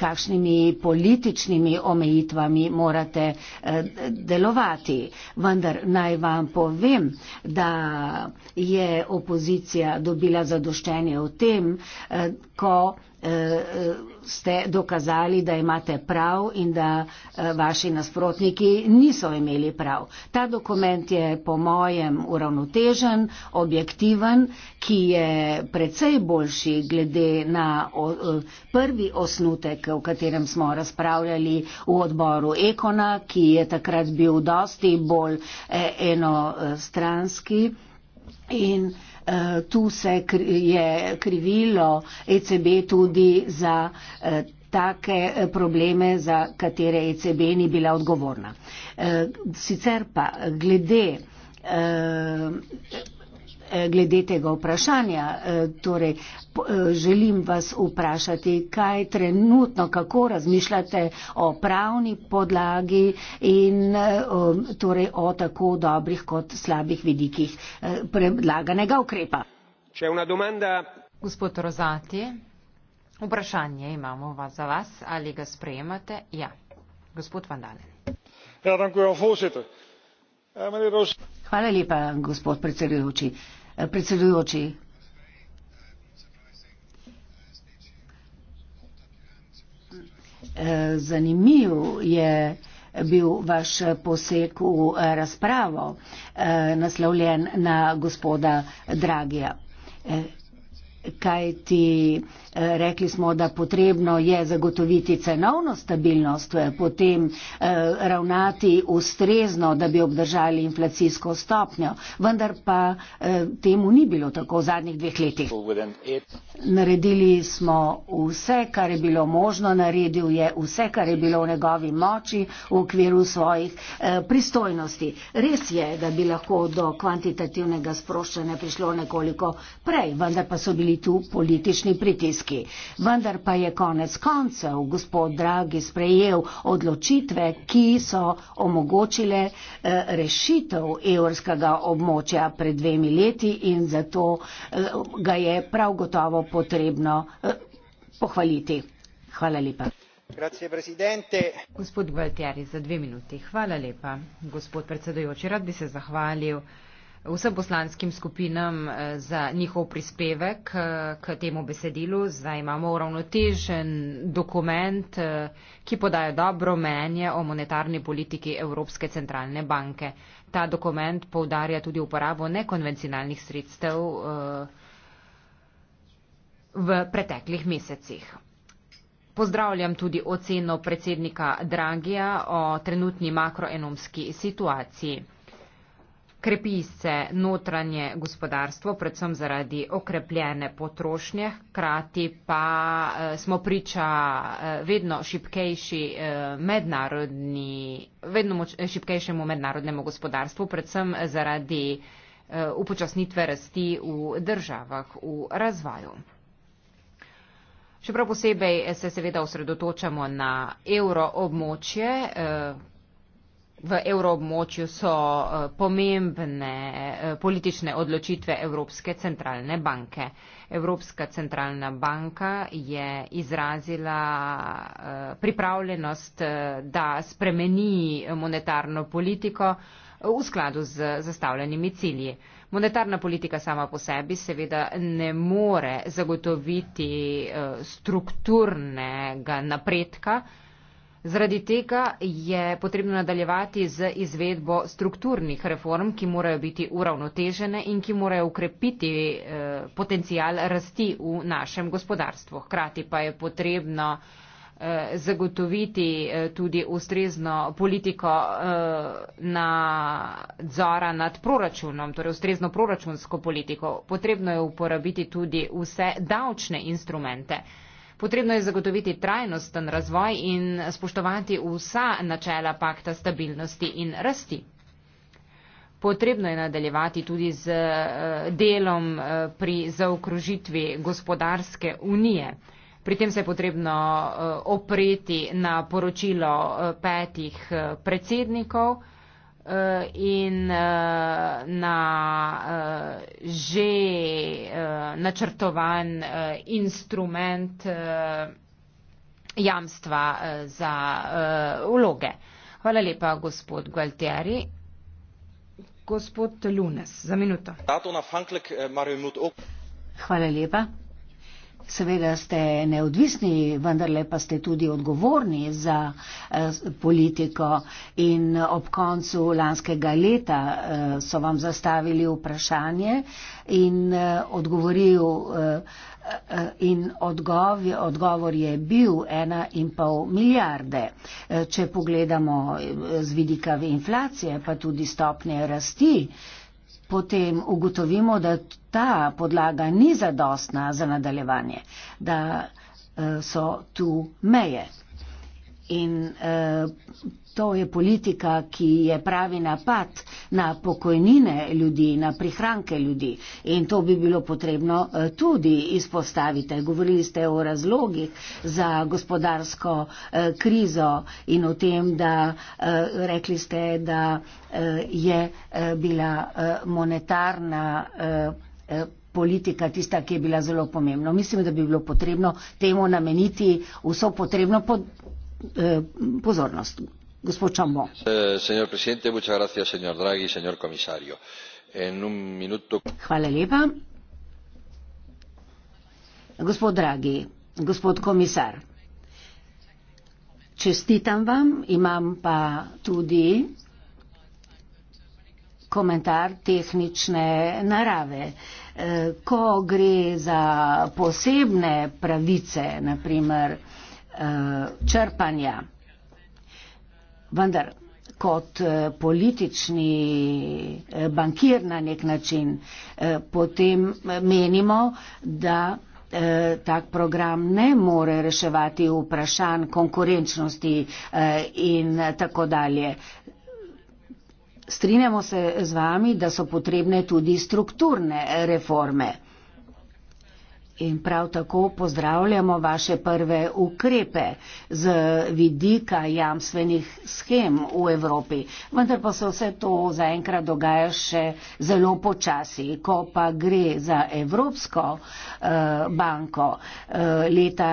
Speaker 3: kakšnimi političnimi omejitvami morate uh, delovati. Vendar naj vam povem, da je opozicija dobila zadoščenje v tem, uh, ko Eh, ste dokazali, da imate prav in da eh, vaši nasprotniki niso imeli prav. Ta dokument je po mojem uravnotežen, objektiven, ki je precej boljši glede na eh, prvi osnutek, o katerem smo razpravljali v odboru Ekona, ki je takrat bil dosti bolj enostranski. In uh, Eh, tu se je krivilo ECB tudi za eh, take eh, probleme, za katere ECB ni bila odgovorna. Sicer pa glede Eh, glede tega vprašanja. Eh, torej, eh, želim vas vprašati, kaj trenutno, kako razmišljate o pravni podlagi in torej, o tako dobrih kot slabih vidikih predlaganega ukrepa.
Speaker 1: Če je ena domanda.
Speaker 3: Gospod Rozati,
Speaker 4: vprašanje imamo za vas, ali ga sprejemate? Ja, gospod Vandalen.
Speaker 1: Ja, dankujem, ja,
Speaker 3: Hvala lepa, gospod predsedujoči. Eh, predsedujoči. Eh, zanimiv je bil vaš poseg v eh, razpravo naslovljen na gospoda Dragija kaj ti eh, rekli smo, da potrebno je zagotoviti cenovno stabilnost, eh, potem eh, ravnati ustrezno, da bi obdržali inflacijsko stopnjo, vendar pa temu ni bilo tako v zadnjih dveh letih. Naredili smo vse, kar je bilo možno, naredil je vse, kar je bilo v njegovi moči v okviru svojih pristojnosti. Res je, da bi lahko do kvantitativnega sproščanja prišlo nekoliko prej, vendar pa so bili bili tu politični pritiski. Vendar pa je konec koncev gospod Dragi sprejel odločitve, ki so omogočile eh, rešitev evrskega območja pred dvemi leti in zato eh, ga je prav gotovo potrebno eh, pohvaliti. Hvala lepa.
Speaker 4: Gospod Gualtieri, za dve minuti. Hvala lepa. Gospod predsedujoči, rad bi se zahvalil vsem poslanskim skupinam eh, za njihov prispevek eh, k temu besedilu. Zdaj imamo uravnotežen dokument, eh, ki podaja dobro mnenje o monetarni politiki Evropske centralne banke. Ta dokument poudarja tudi uporabo nekonvencionalnih sredstev v preteklih mesecih. Pozdravljam tudi oceno predsednika Dragija o trenutni makroenomski situaciji. Krepi se notranje gospodarstvo, predvsem zaradi okrepljene potrošnje, hkrati pa eh, smo priča eh, vedno šipkejši eh, mednarodni, vedno moč, šipkejšemu mednarodnemu gospodarstvu, predvsem zaradi upočasnitve rasti v državah v razvoju. Še prav posebej se seveda osredotočamo na evroobmočje, v evroobmočju so eh, pomembne eh, politične odločitve Evropske centralne banke. Evropska centralna banka je izrazila eh, pripravljenost, da spremeni monetarno politiko v skladu z zastavljenimi cilji. Monetarna politika sama po sebi seveda ne more zagotoviti strukturnega napredka, Zaradi tega je potrebno nadaljevati z izvedbo strukturnih reform, ki morajo biti uravnotežene in ki morajo ukrepiti eh, potencijal rasti v našem gospodarstvu. Hkrati pa je potrebno eh, zagotoviti eh, tudi ustrezno politiko nadzora nad proračunom, torej ustrezno proračunsko politiko. Potrebno je uporabiti tudi vse davčne instrumente. Potrebno je zagotoviti trajnosten razvoj in spoštovati vsa načela pakta stabilnosti in rasti. Potrebno je nadaljevati tudi z eh, delom eh, pri zaokrožitvi gospodarske unije. Pri tem se je potrebno eh, opreti na poročilo petih predsednikov. Eh, in eh, na eh, že načrtovan instrument jamstva za vloge. Hvala lepa, gospod Gualtieri.
Speaker 3: Gospod Lunes, za minuto. Hvala lepa. Seveda ste neodvisni, vendar pa ste tudi odgovorni za eh, politiko in ob koncu lanskega leta eh, so vam zastavili vprašanje in, eh, odgovoril, eh, eh in odgov, odgovor je bil 1,5 milijarde. Eh, če pogledamo eh, z vidika inflacije, pa tudi stopnje rasti, eh, potem ugotovimo, da ta podlaga ni zadostna za nadaljevanje, da eh, so tu meje in uh, to je politika, ki je pravi napad na pokojnine ljudi, na prihranke ljudi in to bi bilo potrebno uh, tudi izpostaviti. Govorili ste o razlogih za gospodarsko uh, krizo in o tem, da uh, rekli ste, da uh, je uh, bila uh, monetarna. Uh, uh, politika tista, ki je bila zelo pomembna. Mislim, da bi bilo potrebno temu nameniti vso potrebno pod Eh, pozornost. Gospod Čambo. Eh, Hvala lepa. Gospod Dragi, gospod komisar, čestitam vam, imam pa tudi komentar tehnične narave. Eh, ko gre za posebne pravice, naprimer, uh, črpanja. Vendar kot eh, politični eh, bankir na nek način potem menimo, da tak program ne more reševati vprašanj konkurenčnosti in tako dalje. Strinjamo se z vami, da so potrebne tudi strukturne reforme. In prav tako pozdravljamo vaše prve ukrepe z vidika jamstvenih schem v Evropi. Vendar pa se vse to zaenkrat dogaja še zelo počasi. Ko pa gre za Evropsko uh, banko uh, leta.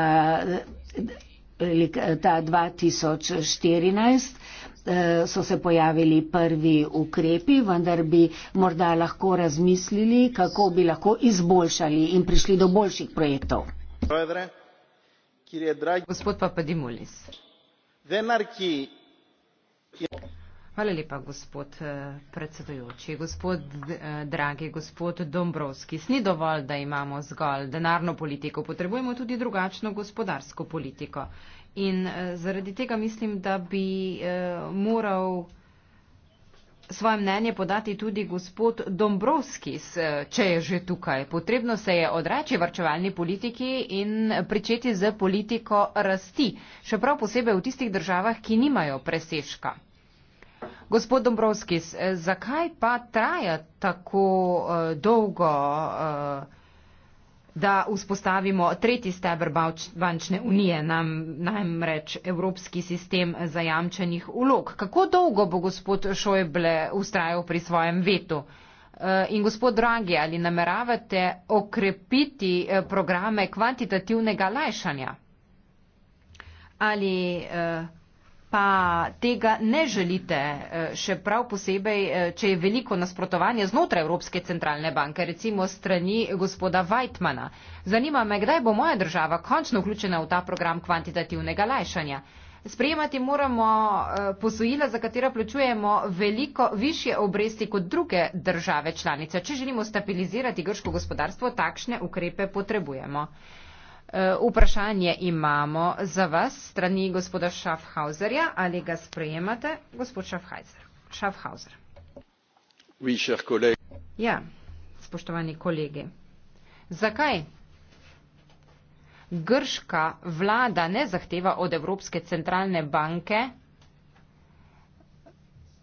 Speaker 3: Eh, ta 2014 eh, so se pojavili prvi ukrepi, vendar bi morda lahko razmislili, kako bi lahko izboljšali in prišli do boljših projektov.
Speaker 4: Gospod Papadimulis. Hvala lepa, gospod eh, predsedujoči. Gospod, eh, dragi gospod Dombrovski, ni dovolj, da imamo zgolj denarno politiko, potrebujemo tudi drugačno gospodarsko politiko. In eh, zaradi tega mislim, da bi moral svoje mnenje podati tudi gospod Dombrovski, če je že tukaj. Potrebno se je odreči varčevalni politiki in pričeti z politiko rasti, še prav posebej v tistih državah, ki nimajo presežka. Gospod Dombrovskis, eh, zakaj pa traja tako uh, dolgo, uh, da vzpostavimo tretji stebr bančne unije, nam, namreč evropski sistem zajamčenih ulog? Kako dolgo bo gospod Šojble ustrajal pri svojem vetu? In gospod Dragi, ali nameravate okrepiti programe kvantitativnega lajšanja? Ali pa tega ne želite, eh, še prav posebej, eh, če je veliko nasprotovanje znotraj Evropske centralne banke, recimo strani gospoda Weitmana. Zanima me, kdaj bo moja država končno vključena v ta program kvantitativnega lajšanja. Sprejemati moramo eh, posojila, za katera plačujemo veliko više obresti kot druge države članice. Če želimo stabilizirati grško gospodarstvo, takšne ukrepe potrebujemo. Eh, vprašanje imamo za vas strani gospoda Schaffhauserja. Ali ga sprejemate, gospod Schaffhauser? Ja, spoštovani kolegi. Zakaj grška vlada ne zahteva od Evropske centralne banke,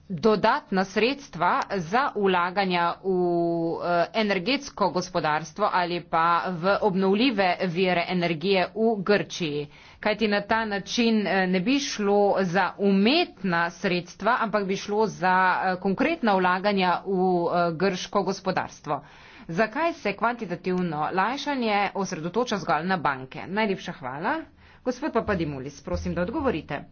Speaker 4: dodatna sredstva za vlaganja v eh, energetsko gospodarstvo ali pa v obnovljive vire energije v Grčiji. Kajti na ta način eh, ne bi šlo za umetna sredstva, ampak bi šlo za eh, konkretna vlaganja v grško gospodarstvo. Zakaj se kvantitativno lajšanje osredotoča zgolj na banke? Najlepša hvala. Gospod Papadimulis, prosim, da odgovorite.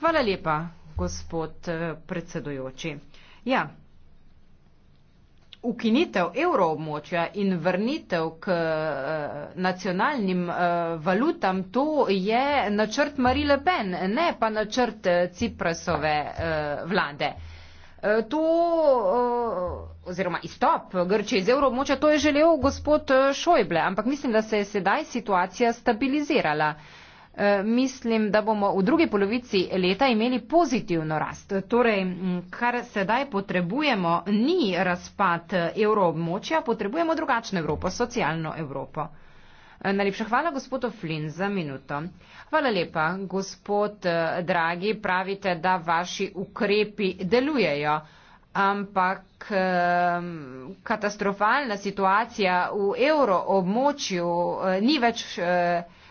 Speaker 4: Hvala lepa, gospod eh, predsedujoči. Ja. Ukinitev evroobmočja in vrnitev k eh, nacionalnim eh, valutam, to je načrt Marie Le Pen, ne pa načrt Ciprasove vlade. To, oziroma izstop Grče iz evroobmočja, to je želel gospod Šojble, ampak mislim, da se je sedaj situacija stabilizirala. Eh, mislim, da bomo v drugi polovici leta imeli pozitivno rast. Torej, kar sedaj potrebujemo, ni razpad eh, evroobmočja, potrebujemo drugačno Evropo, socialno Evropo. Eh, najlepša hvala, gospod Flynn, za minuto. Hvala lepa, gospod Dragi, pravite, da vaši ukrepi delujejo, ampak katastrofalna situacija v evroobmočju ni več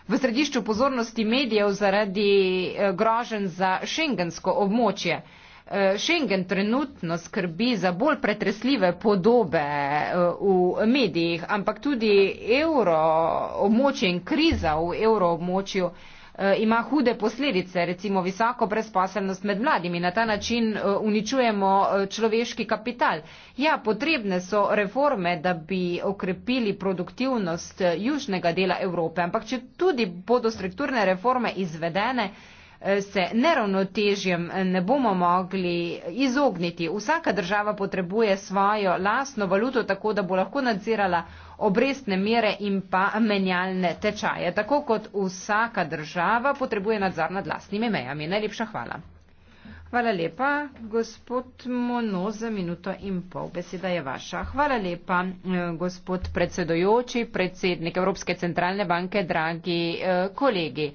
Speaker 4: v središču pozornosti medijev zaradi eh, grožen za šengensko območje. Eh, Schengen trenutno skrbi za bolj pretresljive podobe eh, v medijih, ampak tudi evroobmočje in kriza v evroobmočju Eh, ima hude posledice, recimo visoko brezposelnost med mladimi. Na ta način eh, uničujemo eh, človeški kapital. Ja, potrebne so reforme, da bi okrepili produktivnost južnega dela Evrope, ampak če tudi bodo strukturne reforme izvedene, se neravnotežjem ne bomo mogli izogniti. Vsaka država potrebuje svojo lastno valuto, tako da bo lahko nadzirala obrestne mere in pa menjalne tečaje. Tako kot vsaka država potrebuje nadzor nad lastnimi mejami. Najlepša hvala. Hvala lepa, gospod Mono, za minuto in pol. Beseda je vaša. Hvala lepa, eh, gospod predsedojoči, predsednik Evropske centralne banke, dragi eh, kolegi.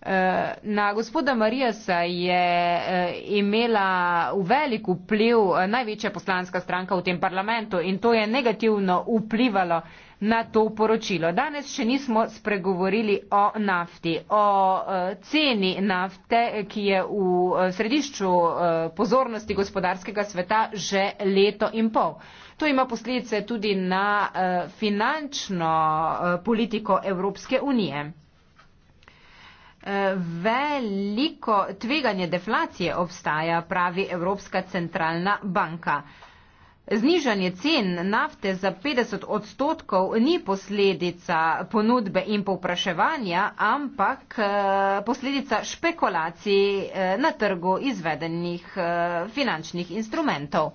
Speaker 4: Eh, na gospoda Marijasa je eh, imela v velik vpliv eh, največja poslanska stranka v tem parlamentu in to je negativno vplivalo na to poročilo. Danes še nismo spregovorili o nafti, o ceni nafte, ki je v središču pozornosti gospodarskega sveta že leto in pol. To ima posledice tudi na finančno politiko Evropske unije. Veliko tveganje deflacije obstaja, pravi Evropska centralna banka. Znižanje cen nafte za 50 odstotkov ni posledica ponudbe in povpraševanja, ampak eh, posledica špekulacij eh, na trgu izvedenih eh, finančnih instrumentov.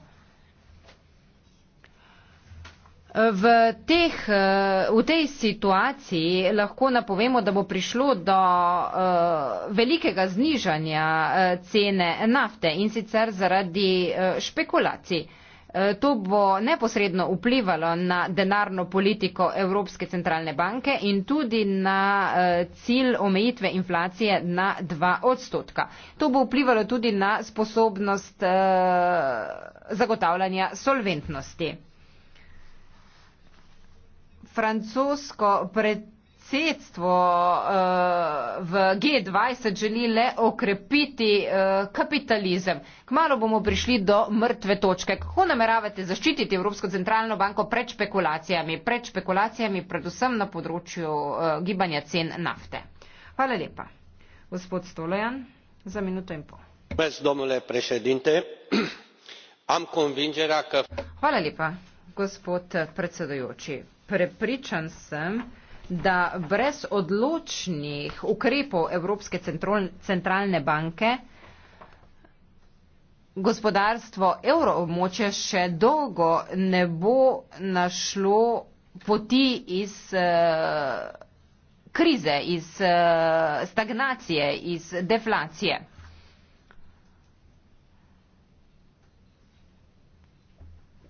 Speaker 4: V, teh, eh, v tej situaciji lahko napovemo, da bo prišlo do eh, velikega znižanja eh, cene nafte in sicer zaradi špekulacij. To bo neposredno vplivalo na denarno politiko Evropske centralne banke in tudi na cilj omejitve inflacije na 2 odstotka. To bo vplivalo tudi na sposobnost zagotavljanja solventnosti francosko predsedstvo uh, v G20 želi le okrepiti uh, kapitalizem. Kmalo bomo prišli do mrtve točke. Kako nameravate zaščititi Evropsko centralno banko pred špekulacijami, pred špekulacijami predvsem na področju uh, gibanja cen nafte? Hvala lepa. Gospod Stolojan, za minuto in pol.
Speaker 5: Pes, domnule predsednite, am
Speaker 1: convingerea că...
Speaker 4: Hvala lepa, gospod predsedujoči prepričan sem, da brez odločnih ukrepov Evropske centralne banke gospodarstvo evroobmoče še dolgo ne bo našlo poti iz eh, krize, iz eh, stagnacije, iz deflacije.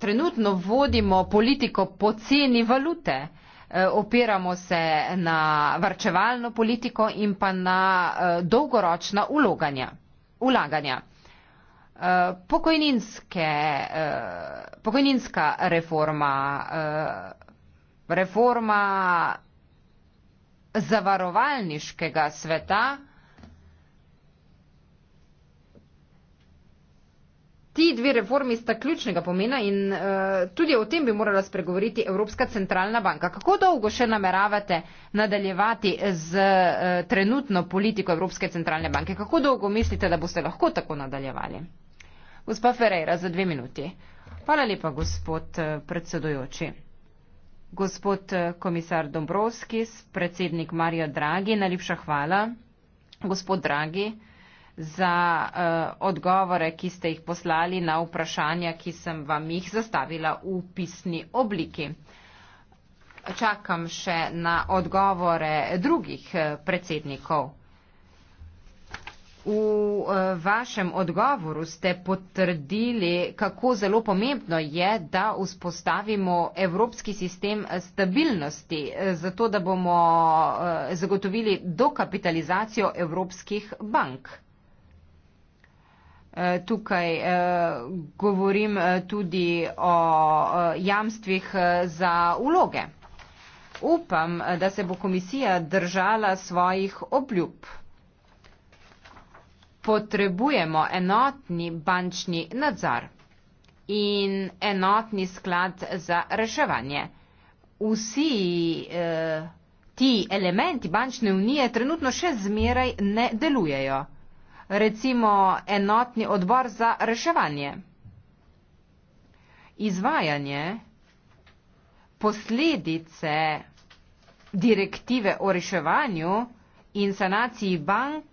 Speaker 4: trenutno vodimo politiko po ceni valute. E, opiramo se na varčevalno politiko in pa na e, dolgoročna uloganja, ulaganja. E, pokojninska reforma, reforma zavarovalniškega sveta, Ti dve reformi sta ključnega pomena in uh, tudi o tem bi morala spregovoriti Evropska centralna banka. Kako dolgo še nameravate nadaljevati z uh, trenutno politiko Evropske centralne banke? Kako dolgo mislite, da boste lahko tako nadaljevali? Gospa Ferreira, za dve minuti. Hvala lepa, gospod eh, predsedujoči. Gospod komisar Dombrovskis, predsednik Mario Dragi, najlepša hvala. Gospod Dragi za uh, odgovore, ki ste jih poslali na vprašanja, ki sem vam jih zastavila v pisni obliki. Čakam še na odgovore drugih eh, predsednikov. V eh, vašem odgovoru ste potrdili, kako zelo pomembno je, da vzpostavimo evropski sistem stabilnosti, zato da bomo zagotovili dokapitalizacijo evropskih bank. Eh, tukaj eh, govorim eh, tudi o jamstvih za uloge. Upam, da se bo komisija držala svojih obljub. Potrebujemo enotni bančni nadzor in enotni sklad za reševanje. Vsi eh, ti elementi bančne unije trenutno še zmeraj ne delujejo recimo enotni odbor za reševanje. Izvajanje posledice direktive o reševanju in sanaciji bank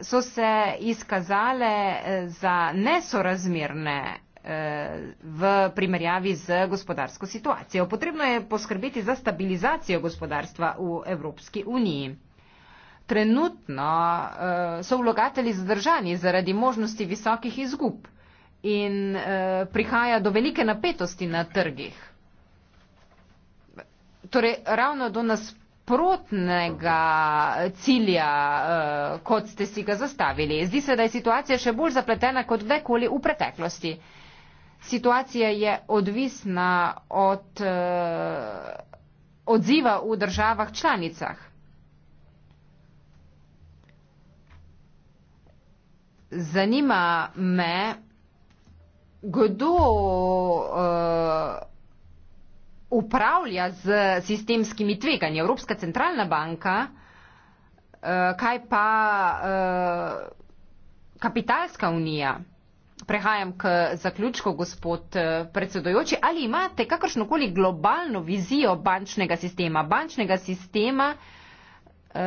Speaker 4: so se izkazale eh, za nesorazmerne eh, v primerjavi z gospodarsko situacijo. Potrebno je poskrbeti za stabilizacijo gospodarstva v Evropski uniji. Trenutno eh, so vlagatelji zdržani zaradi možnosti visokih izgub in eh, prihaja do velike napetosti na trgih. Torej, ravno do nasprotnega cilja, eh, kot ste si ga zastavili. Zdi se, da je situacija še bolj zapletena kot vekoli v preteklosti. Situacija je odvisna od odziva v državah članicah. zanima me, kdo uh, upravlja z sistemskimi tveganji. Evropska centralna banka, uh, kaj pa uh, kapitalska unija? Prehajam k zaključku, gospod predsedojoči. Ali imate kakršnokoli globalno vizijo bančnega sistema? Bančnega sistema, uh,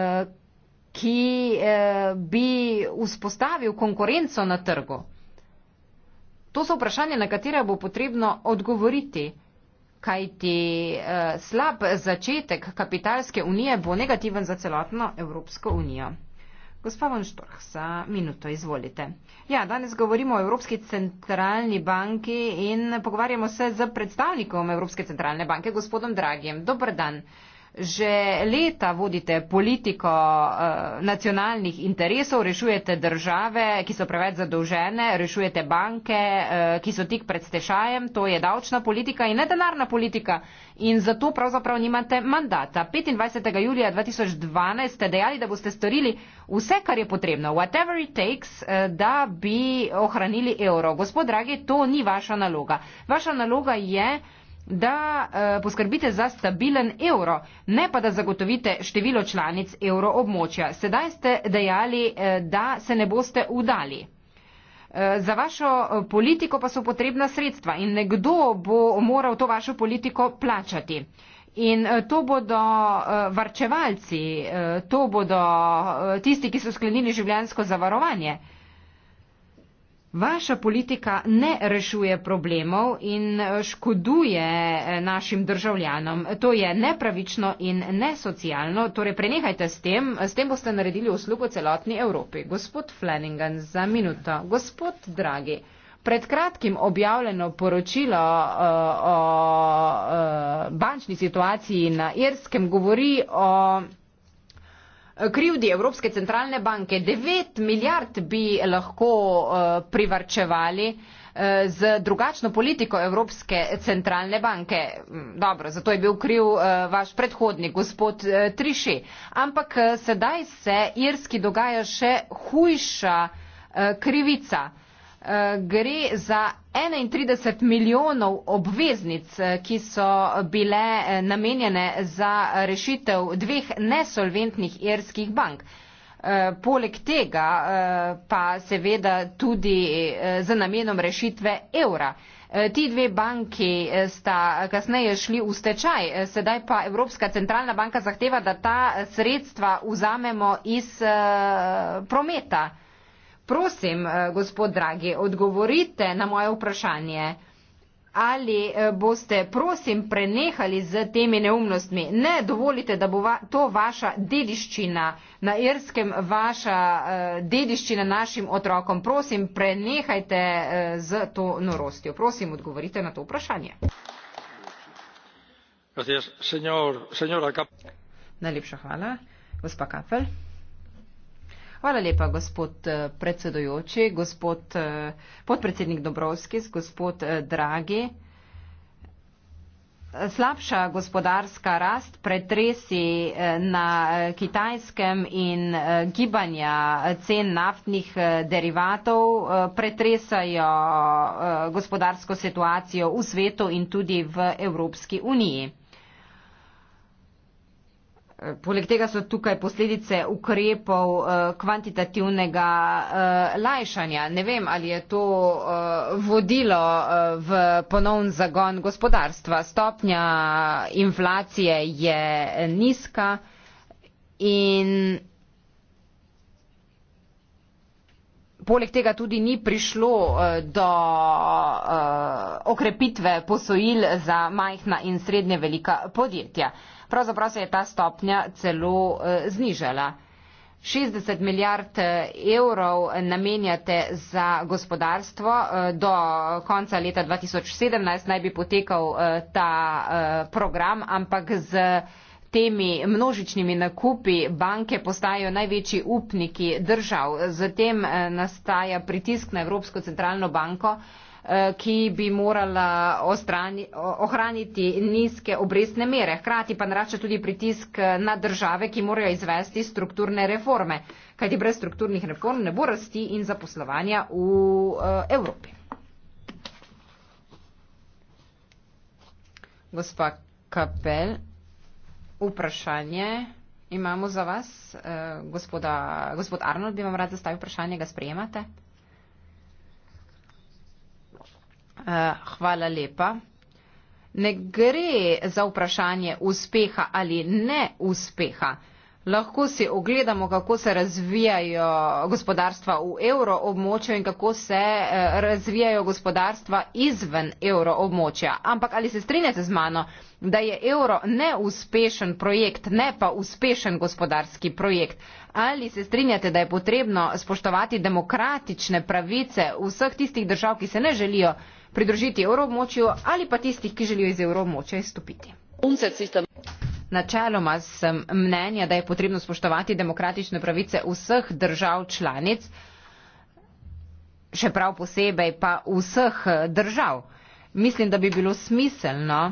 Speaker 4: ki eh, bi vzpostavil konkurenco na trgu? To so vprašanja, na katera bo potrebno odgovoriti, kajti eh, slab začetek kapitalske unije bo negativen za celotno Evropsko unijo. Gospa von Storch, za minuto izvolite. Ja, danes govorimo o Evropski centralni banki in pogovarjamo se z predstavnikom Evropske centralne banke, gospodom Dragijem. Dobr dan. Dobar dan že leta vodite politiko eh, nacionalnih interesov, rešujete države, ki so preveč zadolžene, rešujete banke, eh, ki so tik pred stešajem, to je davčna politika in ne denarna politika in zato pravzaprav nimate mandata. 25. julija 2012 ste dejali, da boste storili vse, kar je potrebno, whatever it takes, eh, da bi ohranili evro. Gospod dragi, to ni vaša naloga. Vaša naloga je da eh, poskrbite za stabilen evro, ne pa da zagotovite število članic evroobmočja. Sedaj ste dejali, eh, da se ne boste udali. Eh, za vašo eh, politiko pa so potrebna sredstva in nekdo bo moral to vašo politiko plačati. In eh, to bodo eh, varčevalci, to bodo tisti, ki so sklenili življensko zavarovanje. Vaša politika ne rešuje problemov in eh, škoduje eh, našim državljanom. To je nepravično in nesocialno. Torej, prenehajte s tem. S tem boste naredili uslugo celotni Evropi. Gospod Flanagan, za minuto. Gospod Dragi, pred kratkim objavljeno poročilo uh, o uh, bančni situaciji na Irskem govori o krivdi Evropske centralne banke. 9 milijard bi lahko eh, privarčevali eh, z drugačno politiko Evropske centralne banke. Mm, dobro, zato je bil kriv eh, vaš predhodnik, gospod Triši. Ampak sedaj se Irski dogaja še hujša krivica. Eh, gre za 31 milijonov obveznic, eh, ki so bile eh, namenjene za rešitev dveh nesolventnih irskih bank. Poleg tega pa seveda tudi z namenom rešitve evra. Ti dve banki sta kasneje šli v stečaj, sedaj pa Evropska centralna banka zahteva, da ta sredstva vzamemo iz prometa. Prosim, eh, gospod Dragi, odgovorite na moje vprašanje. Ali eh, boste, prosim, prenehali z temi neumnostmi? Ne dovolite, da bo to vaša dediščina na Irskem, vaša eh, dediščina našim otrokom. Prosim, prenehajte z to norostjo. Prosim, odgovorite na to vprašanje. Najlepša hvala. Gospa Kapel. Hvala lepa, gospod eh, predsedojoči, gospod eh, podpredsednik Dobrovskis, gospod eh, Dragi. Slabša gospodarska rast pretresi na kitajskem in gibanja cen naftnih derivatov pretresajo gospodarsko situacijo v svetu in tudi v Evropski uniji. Poleg tega so tukaj posledice ukrepov eh, kvantitativnega eh, lajšanja. Ne vem, ali je to eh, vodilo v ponovn zagon gospodarstva. Stopnja inflacije je nizka in poleg tega tudi ni prišlo do okrepitve posojil za majhna in srednje velika podjetja pravzaprav se je ta stopnja celo eh, znižala. 60 milijard eh, evrov eh, namenjate za gospodarstvo. Do konca leta 2017 naj bi potekal ta program, ampak z temi množičnimi nakupi banke postajajo največji upniki držav. Zatem nastaja pritisk na Evropsko centralno banko Eh, ki bi morala ostrani, ohraniti nizke obrestne mere. Hkrati pa narača tudi pritisk eh, na države, ki morajo izvesti strukturne reforme, kajti brez strukturnih reform ne bo rasti in zaposlovanja v eh, Evropi. Gospa Kapel, vprašanje imamo za vas. Gospoda, gospod Arnold bi vam rad zastavil vprašanje, ga sprejemate? Eh, hvala lepa. Ne gre za vprašanje uspeha ali neuspeha. Lahko si ogledamo, kako se razvijajo gospodarstva v evroobmočju in kako se eh, razvijajo gospodarstva izven evroobmočja. Ampak ali se strinjate z mano, da je evro neuspešen projekt, ne pa uspešen gospodarski projekt? Ali se strinjate, da je potrebno spoštovati demokratične pravice vseh tistih držav, ki se ne želijo? pridružiti evroobmočju ali pa tistih, ki želijo iz evroobmočja izstopiti. Načeloma sem mnenja, da je potrebno spoštovati demokratične pravice vseh držav članic, še prav posebej pa vseh držav. Mislim, da bi bilo smiselno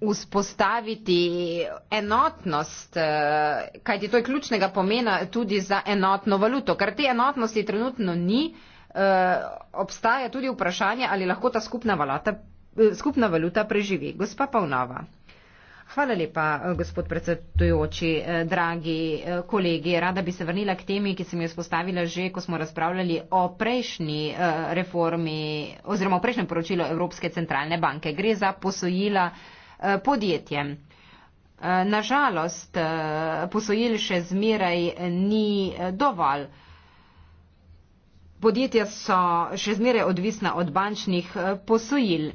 Speaker 4: vzpostaviti enotnost, eh, kajti to je ključnega pomena tudi za enotno valuto, ker te enotnosti trenutno ni, eh, obstaja tudi vprašanje, ali lahko ta skupna, valata, eh, skupna valuta preživi. Gospa Pavnova. Hvala lepa, gospod predsedujoči, dragi kolegi. Rada bi se vrnila k temi, ki sem jo spostavila že, ko smo razpravljali o prejšnji reformi oziroma o prejšnjem poročilu Evropske centralne banke. Gre za posojila Eh, podjetjem. Eh, Nažalost, eh, posojil še zmeraj ni dovolj. Podjetja so še zmeraj odvisna od bančnih posojil.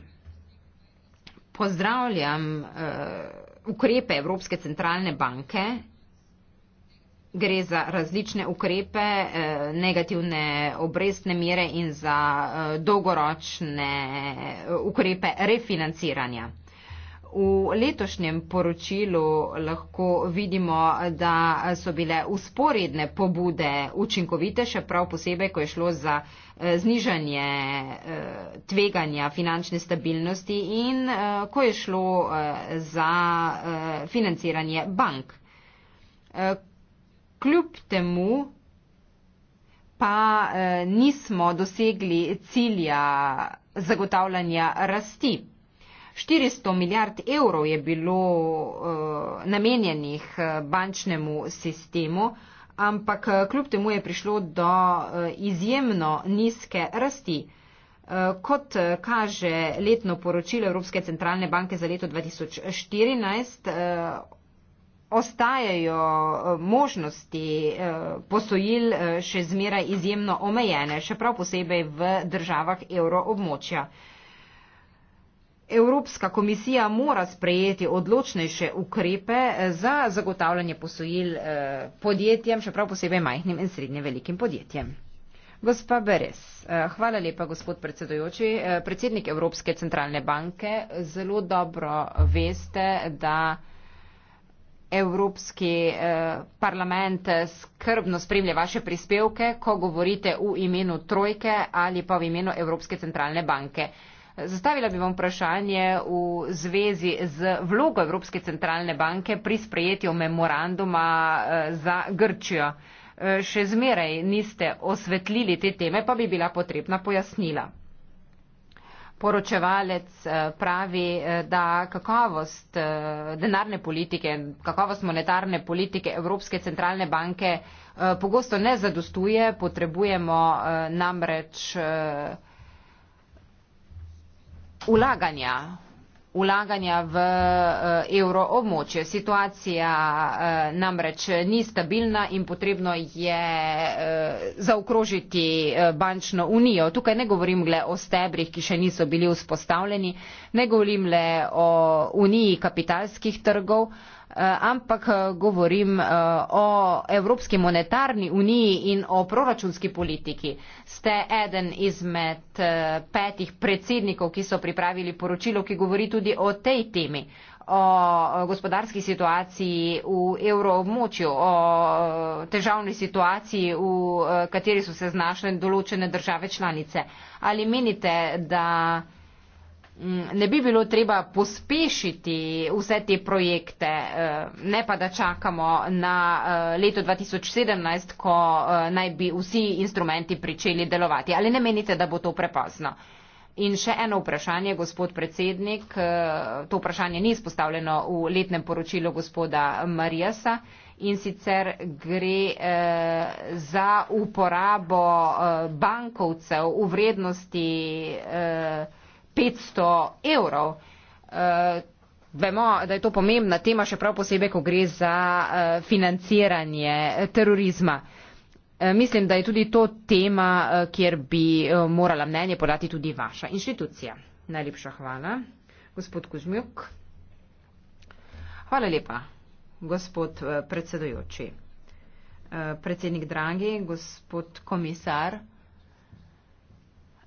Speaker 4: Pozdravljam ukrepe Evropske centralne banke. Gre za različne ukrepe, negativne obrestne mere in za dolgoročne ukrepe refinanciranja. V letošnjem poročilu lahko vidimo, da so bile usporedne pobude učinkovite, še prav posebej, ko je šlo za eh, znižanje eh, tveganja finančne stabilnosti in eh, ko je šlo za financiranje bank. Kljub temu pa nismo dosegli cilja zagotavljanja rasti 400 milijard evrov je bilo uh, namenjenih eh, bančnemu sistemu, ampak eh, kljub temu je prišlo do uh, izjemno nizke rasti. Kot kaže letno poročilo Evropske centralne banke za leto 2014, ostajajo možnosti posojil še zmeraj izjemno omejene, še prav posebej v državah evroobmočja. Evropska komisija mora sprejeti odločnejše ukrepe eh, za zagotavljanje posojil eh, podjetjem, še prav posebej majhnim in srednje velikim podjetjem. Gospa Beres, eh, hvala lepa, gospod predsedojoči. Predsednik Evropske centralne banke, zelo dobro veste, da Evropski parlament skrbno spremlja vaše prispevke, ko govorite v imenu Trojke ali pa v imenu Evropske centralne banke. Zastavila bi vam vprašanje v zvezi z vlogo Evropske centralne banke pri sprejetju memoranduma eh, za Grčijo. Eh, še zmeraj niste osvetlili te teme, pa bi bila potrebna pojasnila. Poročevalec eh, pravi, da kakovost denarne politike, kakovost monetarne politike Evropske centralne banke pogosto ne zadostuje, potrebujemo namreč ulaganja ulaganja v eh, evroobmočje. Situacija eh, namreč ni stabilna in potrebno je eh, zaokrožiti bančno unijo. Tukaj ne govorim le o stebrih, ki še niso bili vzpostavljeni, ne govorim le o uniji kapitalskih trgov, Eh, ampak eh, govorim eh, o Evropski monetarni uniji in o proračunski politiki. Ste eden izmed petih predsednikov, ki so pripravili poročilo, ki govori tudi o tej temi o gospodarski situaciji v evroobmočju, o težavni situaciji, v kateri so se znašle določene države članice. Ali menite, da Mm, ne bi bilo treba pospešiti vse te projekte, eh, ne pa da čakamo na eh, leto 2017, ko eh, naj bi vsi instrumenti pričeli delovati. Ali ne menite, da bo to prepozno? In še eno vprašanje, gospod predsednik, to vprašanje ni izpostavljeno v letnem poročilu gospoda Marijasa in sicer gre eh, za uporabo eh, bankovcev v vrednosti eh, 500 evrov. Eh, vemo, da je to pomembna tema, še prav posebej, ko gre za eh, financiranje terorizma. Eh, mislim, da je tudi to tema, kjer bi morala mnenje podati tudi vaša inštitucija. Najlepša hvala. Gospod Kužmjuk. Hvala lepa, gospod predsedujoči. Predsednik Dragi, gospod komisar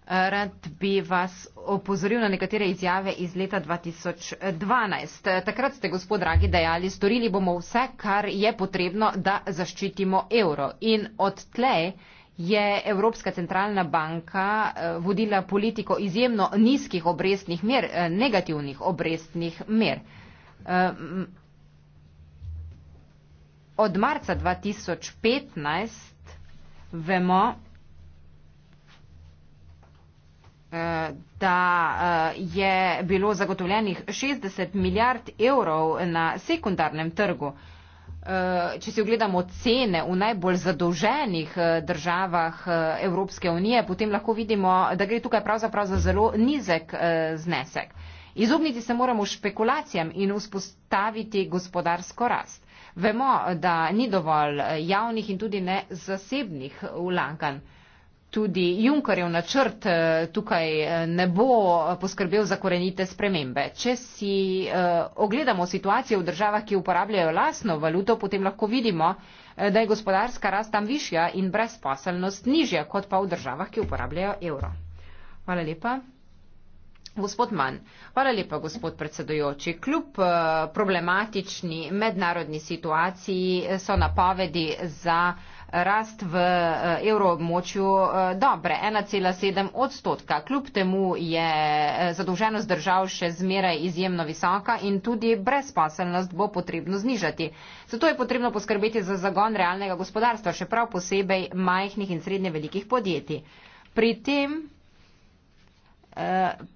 Speaker 4: rad bi vas opozoril na nekatere izjave iz leta 2012. Takrat ste, gospod Dragi, dejali, storili bomo vse, kar je potrebno, da zaščitimo evro. In od tlej je Evropska centralna banka eh, vodila politiko izjemno nizkih obrestnih mer, eh, negativnih obrestnih mer. Ehm, od marca 2015 vemo, da eh, je bilo zagotovljenih 60 milijard evrov na sekundarnem trgu. Eh, če si ogledamo cene v najbolj zadolženih eh, državah Evropske unije, potem lahko vidimo, da gre tukaj pravzaprav za zelo nizek znesek. Izogniti se moramo špekulacijam in vzpostaviti gospodarsko rast. Vemo, da ni dovolj javnih in tudi ne zasebnih vlaganj tudi Junkerjev načrt eh, tukaj eh, ne bo eh, poskrbel za korenite spremembe. Če si ogledamo situacijo v državah, ki uporabljajo lasno valuto, potem lahko vidimo, da je gospodarska rast tam višja in brezposelnost nižja kot pa v državah, ki uporabljajo evro. Hvala lepa. Gospod Mann, hvala lepa, gospod predsedujoči. Kljub problematični mednarodni situaciji so napovedi za rast v eh, evroobmočju eh, dobre 1,7 odstotka. Kljub temu je eh, zadolženost držav še zmeraj izjemno visoka in tudi brezposelnost bo potrebno znižati. Zato je potrebno poskrbeti za zagon realnega gospodarstva, še prav posebej majhnih in srednje velikih podjetij. Pri tem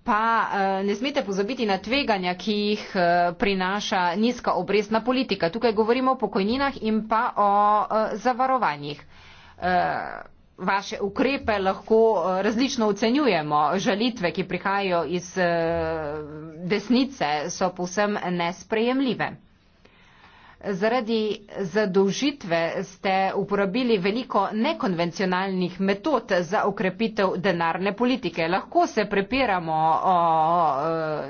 Speaker 4: pa eh, ne smete pozabiti na tveganja, ki jih eh, prinaša nizka obrestna politika. Tukaj govorimo o pokojninah in pa o eh, zavarovanjih. Vaše ukrepe lahko različno ocenjujemo. Žalitve, ki prihajajo iz desnice, so povsem nesprejemljive. Zaradi zadolžitve ste uporabili veliko nekonvencionalnih metod za ukrepitev denarne politike. Lahko se prepiramo o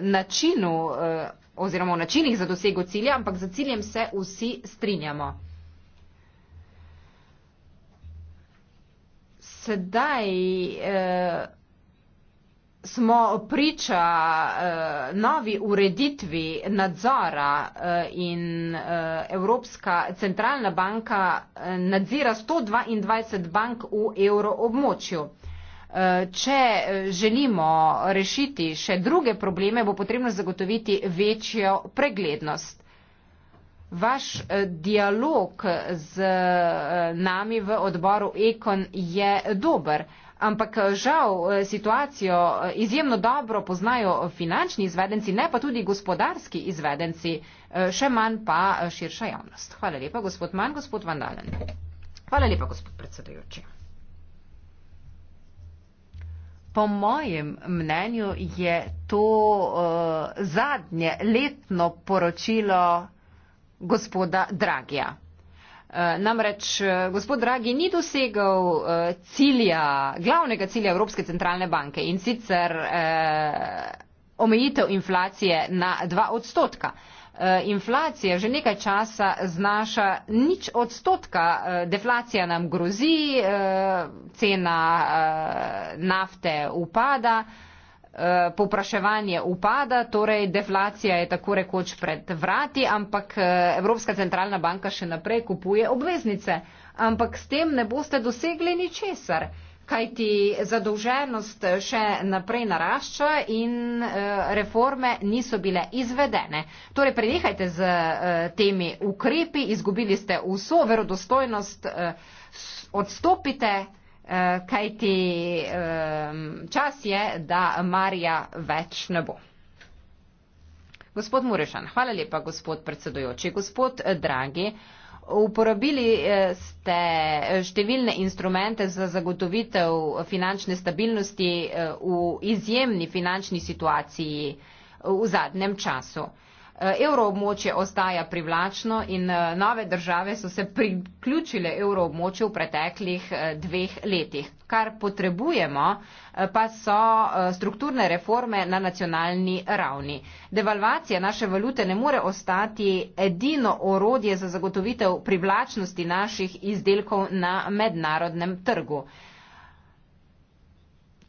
Speaker 4: načinu e, oziroma o načinih za dosego cilja, ampak za ciljem se vsi strinjamo. Sedaj eh, smo priča eh, novi ureditvi nadzora eh, in eh, Evropska centralna banka eh, nadzira 122 bank v evroobmočju. Eh, če eh, želimo rešiti še druge probleme, bo potrebno zagotoviti večjo preglednost. Vaš eh, dialog z eh, nami v odboru Ekon je dober, ampak eh, žal eh, situacijo eh, izjemno dobro poznajo finančni izvedenci, ne pa tudi gospodarski izvedenci, še manj pa širša javnost. Hvala lepa, gospod Mann, gospod Vandalen. Hvala lepa, gospod predsedujoči. Po mojem mnenju je to uh, zadnje letno poročilo gospoda Dragija. Eh, namreč eh, gospod Dragi ni dosegal eh, cilja, glavnega cilja Evropske centralne banke in sicer omejitev inflacije na dva odstotka. Inflacija že nekaj časa znaša nič odstotka, deflacija nam grozi, cena nafte upada, Eh, povpraševanje upada, torej deflacija je tako rekoč pred vrati, ampak eh, Evropska centralna banka še naprej kupuje obveznice. Ampak s tem ne boste dosegli ničesar, kajti zadolženost še naprej narašča in eh, reforme niso bile izvedene. Torej prenehajte z temi ukrepi, izgubili ste vso verodostojnost, odstopite Eh, kajti čas je, da Marija več ne bo. Gospod Murešan, hvala lepa, gospod predsedujoči. Gospod eh, Dragi, uporabili eh, ste številne instrumente za zagotovitev finančne stabilnosti v izjemni finančni situaciji v zadnjem času. Eh, evroobmočje ostaja privlačno in eh, nove države so se priključile evroobmočju v preteklih eh, dveh letih. Kar potrebujemo pa so strukturne reforme na nacionalni ravni. Devalvacija naše valute ne more ostati edino orodje za zagotovitev privlačnosti naših izdelkov na mednarodnem trgu.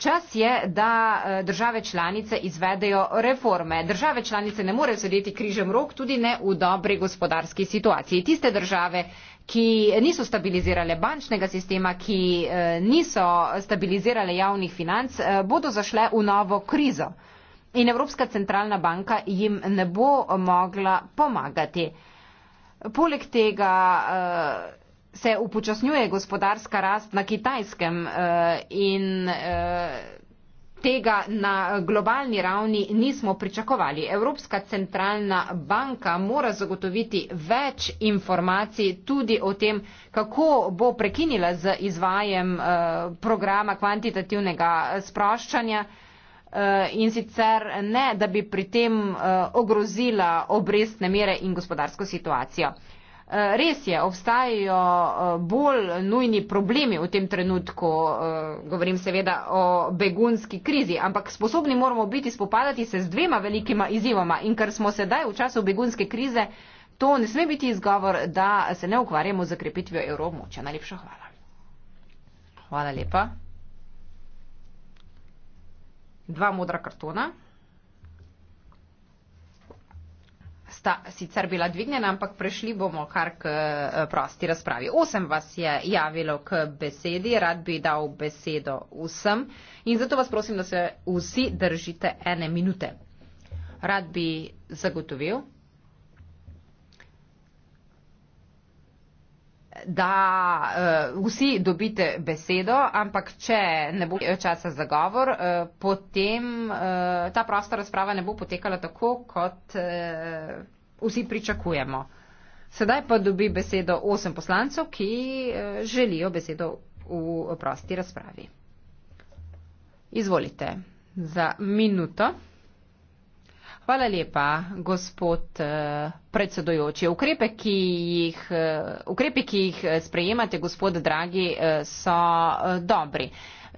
Speaker 4: Čas je, da eh, države članice izvedejo reforme. Države članice ne morejo sedeti križem rok, tudi ne v dobri gospodarski situaciji. Tiste države, ki niso stabilizirale bančnega sistema, ki eh, niso stabilizirale javnih financ, eh, bodo zašle v novo krizo. In Evropska centralna banka jim ne bo mogla pomagati. Poleg tega se upočasnjuje gospodarska rast na kitajskem eh, in eh, tega na globalni ravni nismo pričakovali. Evropska centralna banka mora zagotoviti več informacij tudi o tem, kako bo prekinila z izvajem eh, programa kvantitativnega sproščanja in sicer ne, da bi pri tem ogrozila obrestne mere in gospodarsko situacijo. Eh, res je, obstajajo eh, bolj nujni problemi v tem trenutku, eh, govorim seveda o begunski krizi, ampak sposobni moramo biti spopadati se z dvema velikima izzivoma in ker smo sedaj v času begunske krize, to ne sme biti izgovor, da se ne ukvarjamo z krepitvijo evromoča. Najlepša hvala. Hvala lepa. Dva modra kartona. sta sicer bila dvignjena, ampak prešli bomo kar k eh, prosti razpravi. Osem vas je javilo k besedi, rad bi dal besedo vsem in zato vas prosim, da se vsi držite ene minute. Rad bi zagotovil, da uh, vsi dobite besedo, ampak če ne bo časa za govor, uh, potem uh, ta prosta razprava ne bo potekala tako, kot uh, vsi pričakujemo. Sedaj pa dobi besedo osem poslancev, ki uh, želijo besedo v prosti razpravi. Izvolite za minuto. Hvala lepa, gospod eh, predsedojoči. Ukrepe, ki jih, eh, ukrepe, ki jih eh, sprejemate, gospod Dragi, so dobri.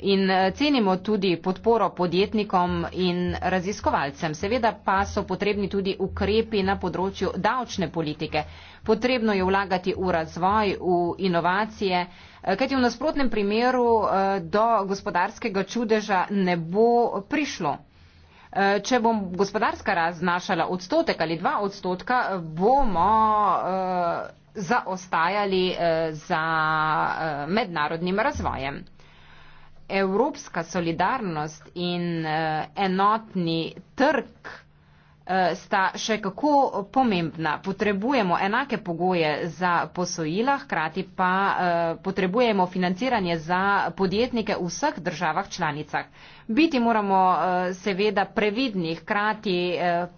Speaker 4: In cenimo tudi podporo podjetnikom in raziskovalcem. Seveda pa so potrebni tudi ukrepi na področju davčne politike. Potrebno je vlagati v razvoj, v inovacije, kajti v nasprotnem primeru do gospodarskega čudeža ne bo prišlo. Eh, če bom gospodarska rast znašala odstotek ali dva odstotka, bomo eh, zaostajali eh, za mednarodnim razvojem. Evropska solidarnost in enotni trg Eh, sta še kako pomembna. Potrebujemo enake pogoje za posojila, hkrati pa eh, potrebujemo financiranje za podjetnike v vseh državah članicah. Biti moramo eh, seveda previdni, hkrati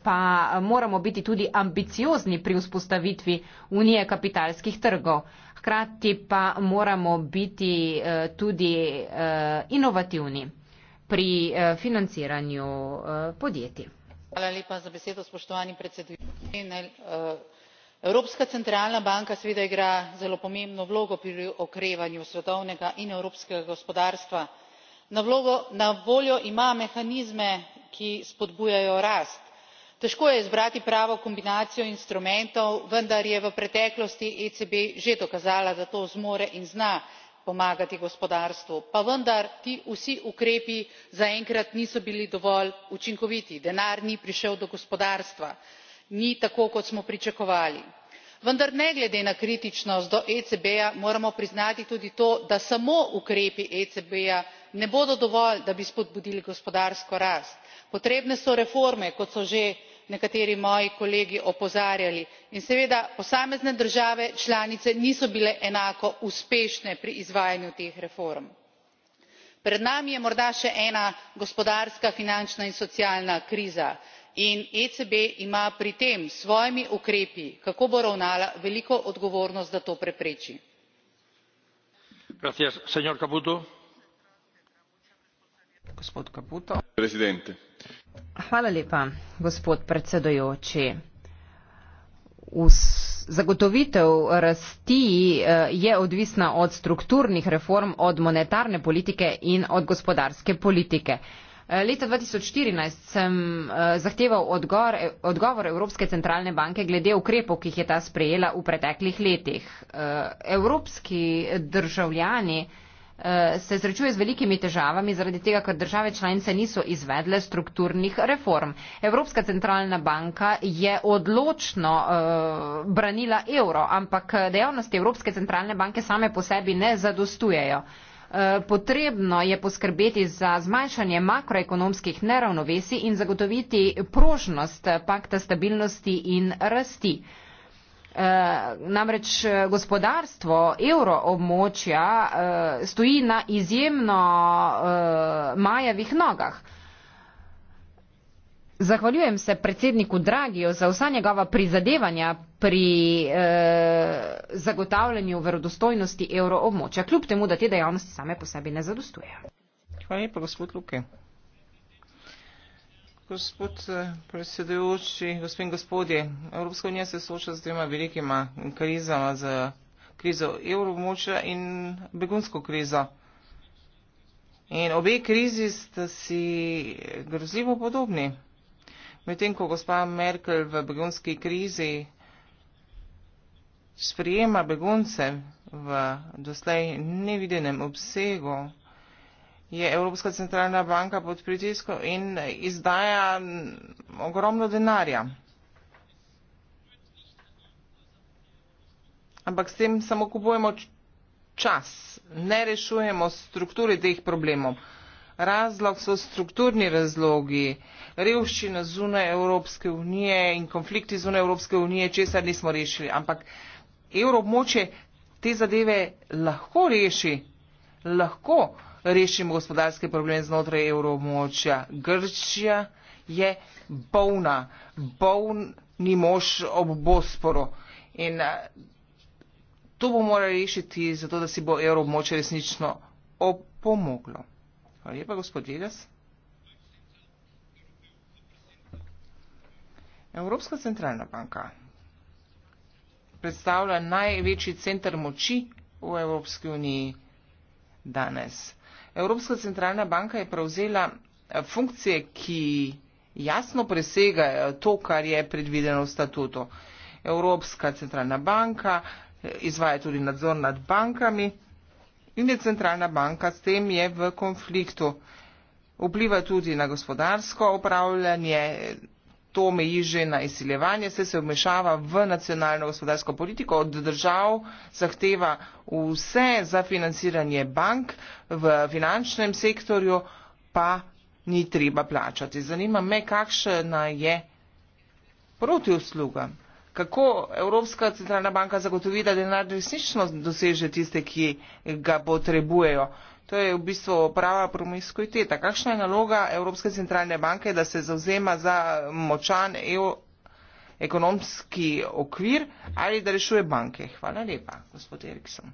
Speaker 4: pa moramo biti tudi ambiciozni pri vzpostavitvi unije kapitalskih trgov. Hkrati pa moramo biti tudi inovativni pri financiranju podjetij.
Speaker 2: Eh, evropska centralna banka seveda igra zelo pomembno vlogo pri okrevanju svetovnega in evropskega gospodarstva. na voljo ima mehanizme ki spodbujajo rast. težko je izbrati pravo kombinacijo instrumentov vendar je v preteklosti ecb že dokazala da to zmore in zna pomagati gospodarstvu pa vendar ti vsi ukrepi zaenkrat niso bili dovolj učinkoviti denar ni prišel do gospodarstva ni tako kot smo pričakovali. vendar ne glede na kritičnost do ecb ja moramo priznati tudi to da samo ukrepi ecb ja ne bodo dovolj da bi spodbudili gospodarsko rast. potrebne so reforme kot so že nekateri moji kolegi opozarjali in seveda posamezne države članice niso bile enako uspešne pri izvajanju teh reform. pred nami je morda še ena gospodarska finančna in socialna kriza in ecb ima pri tem s svojimi ukrepi kako bo ravnala veliko odgovornost da to prepreči. Hvala lepa,
Speaker 4: gospod predsedojoči. Zagotovitev rasti eh, je odvisna od strukturnih reform, od monetarne politike in od gospodarske politike. Eh, leta 2014 sem eh, zahteval odgovor, odgovor Evropske centralne banke glede ukrepov, ki jih je ta sprejela v preteklih letih. Evropski državljani Eh, se srečuje z velikimi težavami zaradi tega, ker države članice niso izvedle strukturnih reform. Evropska centralna banka je odločno uh, branila evro, ampak eh, dejavnosti Evropske centralne banke same po sebi ne zadostujejo. Potrebno je poskrbeti za zmanjšanje makroekonomskih neravnovesij in zagotoviti prožnost pakta stabilnosti in rasti. Uh, Eh, namreč eh, gospodarstvo evroobmočja eh, stoji na izjemno majavih nogah. Zahvaljujem se predsedniku Dragijo za vsa njegova prizadevanja pri eh, zagotavljanju verodostojnosti evroobmočja, kljub temu, da te dejavnosti same po sebi ne
Speaker 1: zadostujejo. Hvala lepa, gospod Luke. Gospod eh, predsedujoči, gospod in gospodje, Evropska unija se sooča s dvema velikima krizama, z krizo evromoča in begunsko krizo. In obe krizi sta si grozljivo podobni. Medtem ko gospa Merkel v begunski krizi sprijema begunce v doslej nevidenem obsegu, je Evropska centralna banka pod pritiskom in izdaja ogromno denarja. Ampak s tem samo kupujemo čas, ne rešujemo strukture teh problemov. Razlog so strukturni razlogi, revščina zunaj Evropske unije in konflikti zunaj Evropske unije, česar nismo rešili. Ampak evrobmoče te zadeve lahko reši, lahko rešimo gospodarske probleme znotraj evromočja. Grčija je bolna, bolni mož ob Bosporu. In to bomo morali rešiti, zato da si bo evromoč resnično opomoglo. Hvala lepa, gospod Vegas. Evropska centralna banka predstavlja največji center moči v Evropski uniji danes. Evropska centralna banka je prevzela eh, funkcije, ki jasno presegajo to, kar je predvideno v statutu. Evropska centralna banka eh, izvaja tudi nadzor nad bankami in je centralna banka s tem je v konfliktu. Vpliva tudi na gospodarsko upravljanje to meji že na izsiljevanje, se se vmešava v nacionalno gospodarsko politiko, od držav zahteva vse za financiranje bank v finančnem sektorju, pa ni treba plačati. Zanima me, kakšna je protiusluga. Kako Evropska centralna banka zagotovi, da denar resnično doseže tiste, ki ga potrebujejo? To je v bistvu prava promiskuiteta. Kakšna je naloga Evropske centralne banke, da se zauzema za močan EU ekonomski okvir ali da rešuje banke? Hvala lepa, gospod Eriksson.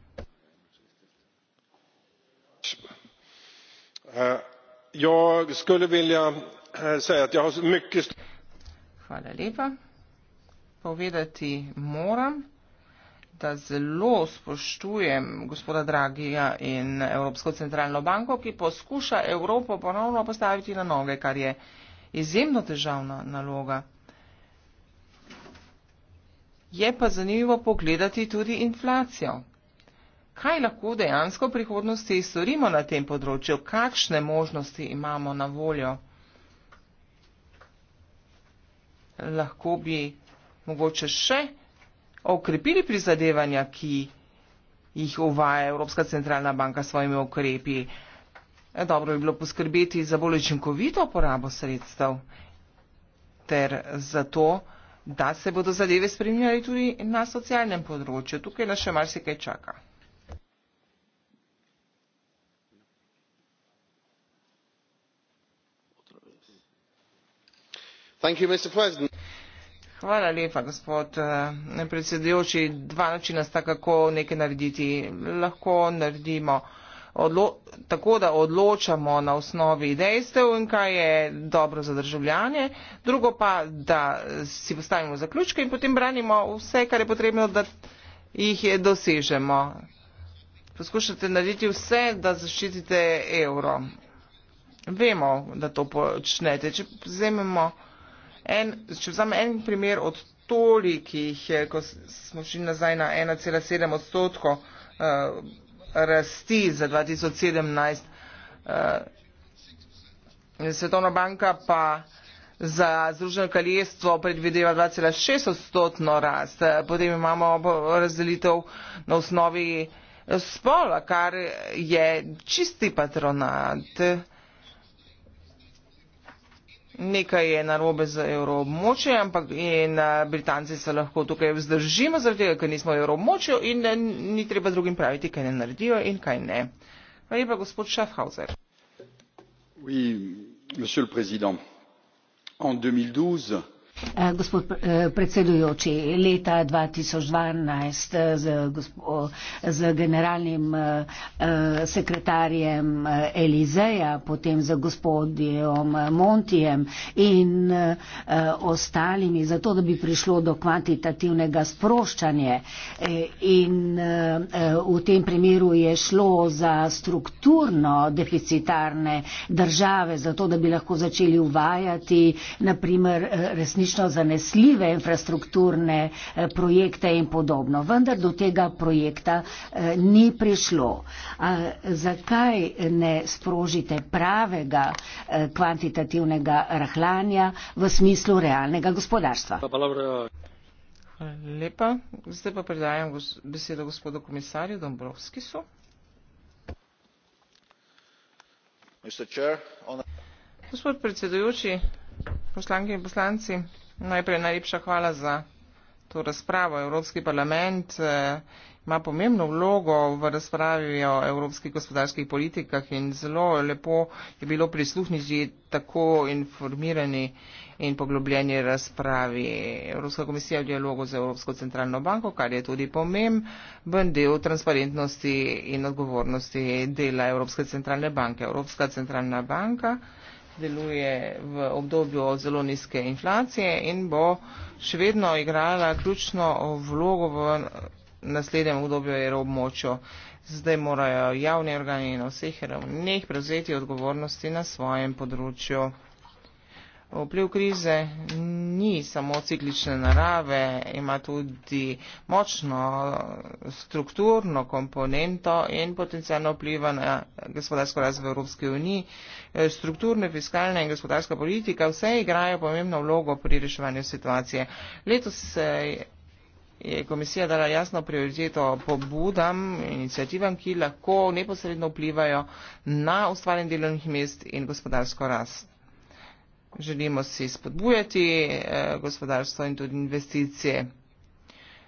Speaker 1: Eh, eh, Hvala lepa. Povedati moram da zelo spoštujem gospoda Dragija in Evropsko centralno banko, ki poskuša Evropo ponovno postaviti na noge, kar je izjemno težavna naloga. Je pa zanimivo pogledati tudi inflacijo. Kaj lahko dejansko v prihodnosti storimo na tem področju? Kakšne možnosti imamo na voljo? Lahko bi mogoče še okrepili prizadevanja, ki jih uvaja Evropska centralna banka s svojimi okrepi. Dobro bi bilo poskrbeti za bolj učinkovito porabo sredstev ter za to, da se bodo zadeve spremljali tudi na socialnem področju. Tukaj nas še marsikaj čaka.
Speaker 2: Thank you, Mr. President.
Speaker 1: Hvala lepa, gospod eh, predsedujoči. Dva načina sta, kako nekaj narediti. Lahko naredimo odlo tako, da odločamo na osnovi dejstev in kaj je dobro za državljanje. Drugo pa, da si postavimo zaključke in potem branimo vse, kar je potrebno, da jih je dosežemo. Poskušate narediti vse, da zaščitite evro. Vemo, da to počnete. Če vzememo. En, če vzamem en primer od tolikih, eh, ko smo šli nazaj na 1,7 odstotko uh, rasti za 2017, uh, eh, Svetovna banka pa za Združeno kraljestvo predvideva 2,6 odstotno rast. Eh, potem imamo razdelitev na osnovi spola, kar je čisti patronat nekaj je narobe z evroobmočjem, ampak in eh, Britanci se lahko tukaj vzdržimo, zaradi tega, ker nismo v evroobmočju in eh, ni treba drugim praviti, kaj ne naredijo in kaj ne. Hvala lepa, gospod Schaffhauser.
Speaker 2: Oui, 2012,
Speaker 3: Eh, gospod eh, predsedujoči, leta 2012 eh, z, z generalnim sekretarjem Elizeja, potem z gospodjem Montijem in ostalimi, zato da bi prišlo do kvantitativnega sproščanja. In v tem primeru je šlo za strukturno deficitarne države, zato da bi lahko začeli uvajati, naprimer, resnično resnično zanesljive infrastrukturne eh, projekte in podobno. Vendar do tega projekta eh, ni prišlo. A zakaj ne sprožite pravega eh, kvantitativnega rahlanja v smislu realnega gospodarstva?
Speaker 1: Lepa. Zdaj pa predajam besedo gospodu komisarju Dombrovskisu. Gospod predsedujoči, poslanke in poslanci. Najprej najlepša hvala za to razpravo. Evropski parlament eh, ima pomembno vlogo v razpravi o evropskih gospodarskih politikah in zelo lepo je bilo prisluhniti tako informirani in poglobljeni razpravi. Evropska komisija je v dialogu z Evropsko centralno banko, kar je tudi pomemben del transparentnosti in odgovornosti dela Evropske centralne banke. Evropska centralna banka deluje v obdobju zelo nizke inflacije in bo še vedno igrala ključno vlogo v naslednjem obdobju evroobmočju. Zdaj morajo javni organi na vseh ravneh prevzeti odgovornosti na svojem področju. Vpliv krize ni samo ciklične narave, ima tudi močno strukturno komponento in potencijalno vpliva na gospodarsko razvoj Evropske unije. Strukturne, fiskalne in gospodarska politika vse igrajo pomembno vlogo pri reševanju situacije. Letos se je komisija dala jasno prioriteto pobudam, inicijativam, ki lahko neposredno vplivajo na ustvarjanje delovnih mest in gospodarsko rast. Želimo si spodbujati eh, gospodarstvo in tudi investicije.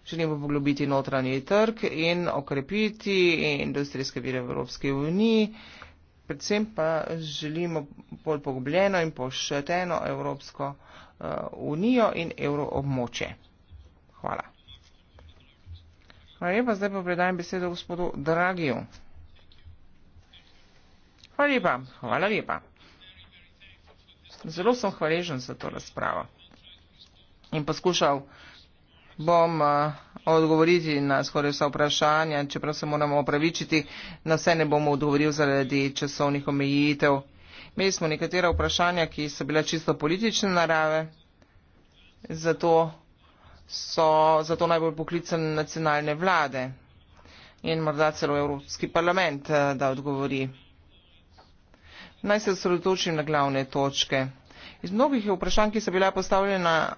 Speaker 1: Želimo poglobiti notranji trg in okrepiti industrijske vire v Evropski uniji. Predvsem pa želimo bolj poglobljeno in pošteno Evropsko eh, unijo in euroobmoče. Hvala. Hvala lepa, zdaj pa predajem besedo gospodu Dragiju. Hvala lepa, hvala lepa zelo sem hvaležen za to razpravo. In poskušal bom uh, odgovoriti na skoraj vsa vprašanja, čeprav se moramo opravičiti, na vse ne bom odgovoril zaradi časovnih omejitev. Imeli smo nekatera vprašanja, ki so bila čisto politične narave, zato so zato najbolj poklicane nacionalne vlade in morda celo Evropski parlament, eh, da odgovori. Naj se osredotočim na glavne točke. Iz mnogih vprašanj, ki so bila postavljena,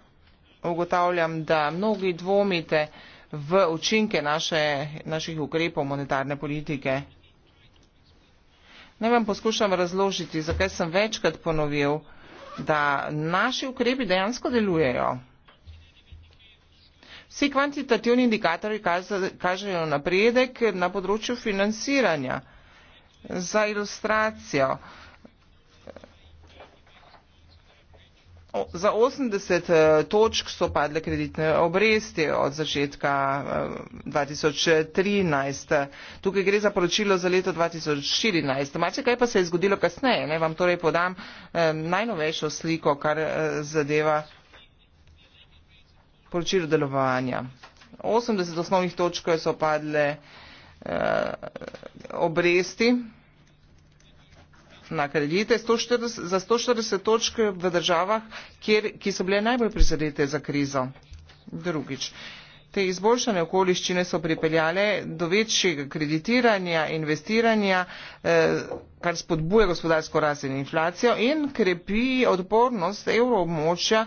Speaker 1: ugotavljam, da mnogi dvomite v učinke naše, naših ukrepov monetarne politike. Naj vam poskušam razložiti, zakaj sem večkrat ponovil, da naši ukrepi dejansko delujejo. Vsi kvantitativni indikatorji kažejo napredek na področju financiranja. Za ilustracijo. Za 80 eh, točk so padle kreditne obresti od začetka 2013. Eh, Tukaj gre za poročilo za leto 2014. Mače, kaj pa se je zgodilo kasneje? Ne? Vam torej podam eh, najnovejšo sliko, kar zadeva poročilo delovanja. 80 osnovnih točk so padle obresti na kredite 140, za 140 točk v državah, kjer, ki so bile najbolj prizadete za krizo. Drugič. Te izboljšane okoliščine so pripeljale do večjega kreditiranja, investiranja, eh, kar spodbuje gospodarsko rast in inflacijo in krepi odpornost evroobmočja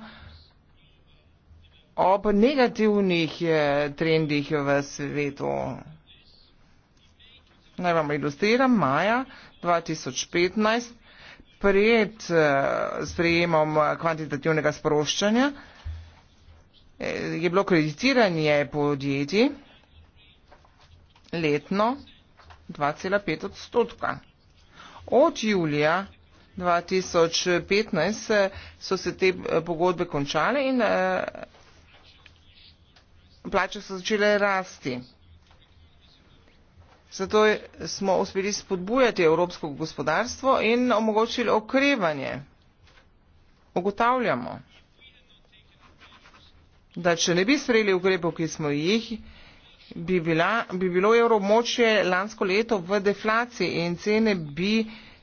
Speaker 1: ob negativnih eh, trendih v svetu. Naj vam ilustriram, maja 2015, pred eh, sprejemom eh, kvantitativnega sproščanja, eh, je bilo kreditiranje podjetij letno 2,5 odstotka. Od julija 2015 so se te pogodbe končale in plače so začele rasti zato smo uspeli spodbujati evropsko gospodarstvo in omogočili okrevanje. Ogotavljamo, da če ne bi sprejeli ukrepov, ki smo jih, bi, bila, bi bilo evroobmočje lansko leto v deflaciji in cene bi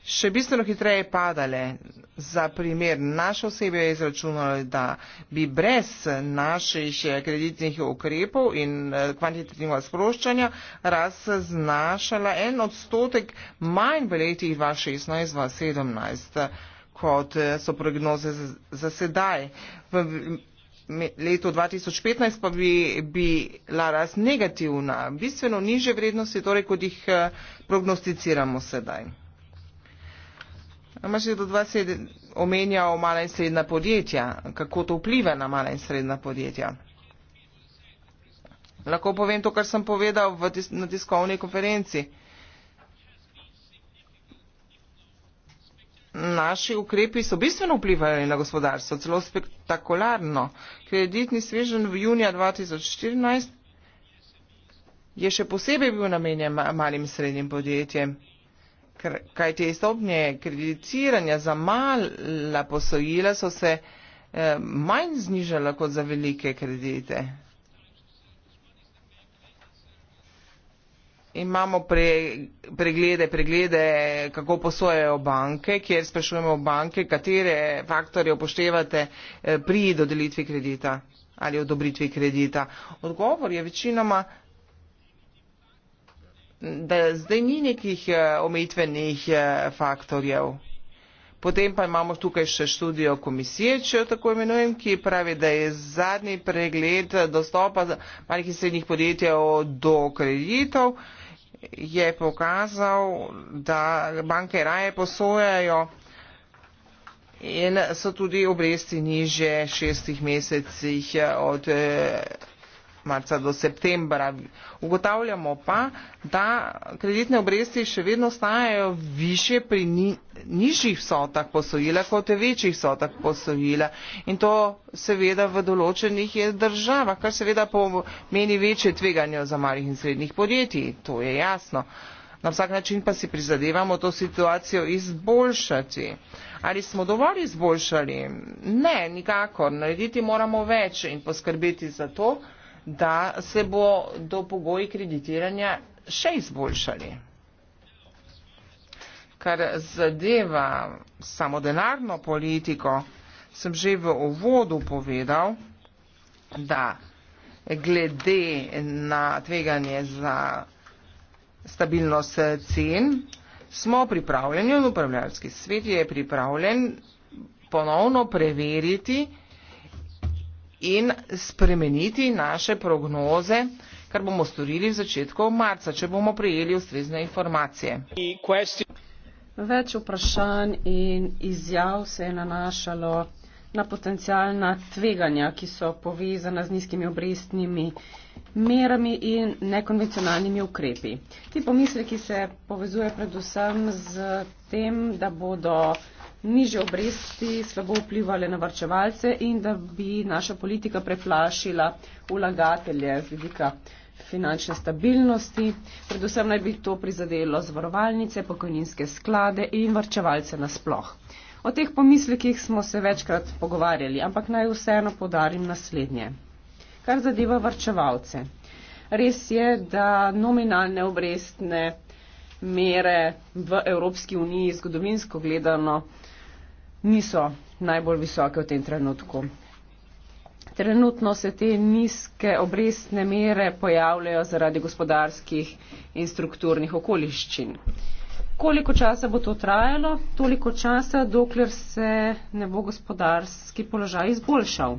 Speaker 1: še bistveno hitreje padale. Za primer, naše osebe je izračunalo, da bi brez naših kreditnih ukrepov in eh, kvantitativnega sproščanja raznašala en odstotek manj v letih 2016-2017 kot eh, so prognoze za sedaj. V letu 2015 pa bi bila rast negativna, bistveno niže vrednosti, torej kot jih eh, prognosticiramo sedaj. Namreč do 20 omenjal mala in srednja podjetja, kako to vpliva na mala in srednja podjetja. Lahko povem to, kar sem povedal tis, na tiskovni konferenci. Naši ukrepi so bistveno vplivali na gospodarstvo, celo spektakularno. Kreditni svežen v junija 2014 je še posebej bil namenjen malim in srednjim podjetjem kaj te stopnje kreditiranja za mala posojila so se eh, manj znižala kot za velike kredite. Imamo pre, preglede, preglede, kako posojajo banke, kjer sprašujemo banke, katere faktorje upoštevate eh, pri dodelitvi kredita ali odobritvi kredita. Odgovor je večinoma da zdaj ni nekih eh, omejitvenih eh, faktorjev. Potem pa imamo tukaj še študijo komisije, če jo tako imenujem, ki pravi, da je zadnji pregled dostopa malih in srednjih podjetij do kreditov je pokazal, da banke raje posojajo in so tudi obresti niže šestih mesecih eh, od. Eh, marca do septembra. Ugotavljamo pa, da kreditne obresti še vedno stajajo više pri ni, nižjih vsotah posojila kot pri večjih vsotah posojila. In to seveda v določenih je država, kar seveda pomeni večje tveganje za malih in srednjih podjetij. To je jasno. Na vsak način pa si prizadevamo to situacijo izboljšati. Ali smo dovolj izboljšali? Ne, nikakor. Narediti moramo več in poskrbeti za to, da se bo do pogoji kreditiranja še izboljšali. Kar zadeva samo denarno politiko, sem že v uvodu povedal, da glede na tveganje za stabilnost cen, smo pripravljeni, upravljalski svet je pripravljen ponovno preveriti, in spremeniti naše prognoze, kar bomo storili v začetku marca, če bomo prijeli ustrezne informacije. Več
Speaker 5: vprašanj in izjav se je nanašalo na potencijalna tveganja, ki so povezana z nizkimi obrestnimi merami in nekonvencionalnimi ukrepi. Ti pomisleki se povezuje predvsem z tem, da bodo niže obresti slabo vplivale na varčevalce in da bi naša politika preplašila vlagatelje z vidika finančne stabilnosti. Predvsem naj bi to prizadelo zvarovalnice, pokojninske sklade in varčevalce nasploh. O teh pomislekih smo se večkrat pogovarjali, ampak naj vseeno podarim naslednje. Kar zadeva varčevalce. Res je, da nominalne obrestne mere v Evropski uniji zgodovinsko gledano niso najbolj visoke v tem trenutku. Trenutno se te nizke obrestne mere pojavljajo zaradi gospodarskih in strukturnih okoliščin. Koliko časa bo to trajalo? Toliko časa, dokler se ne bo gospodarski položaj izboljšal.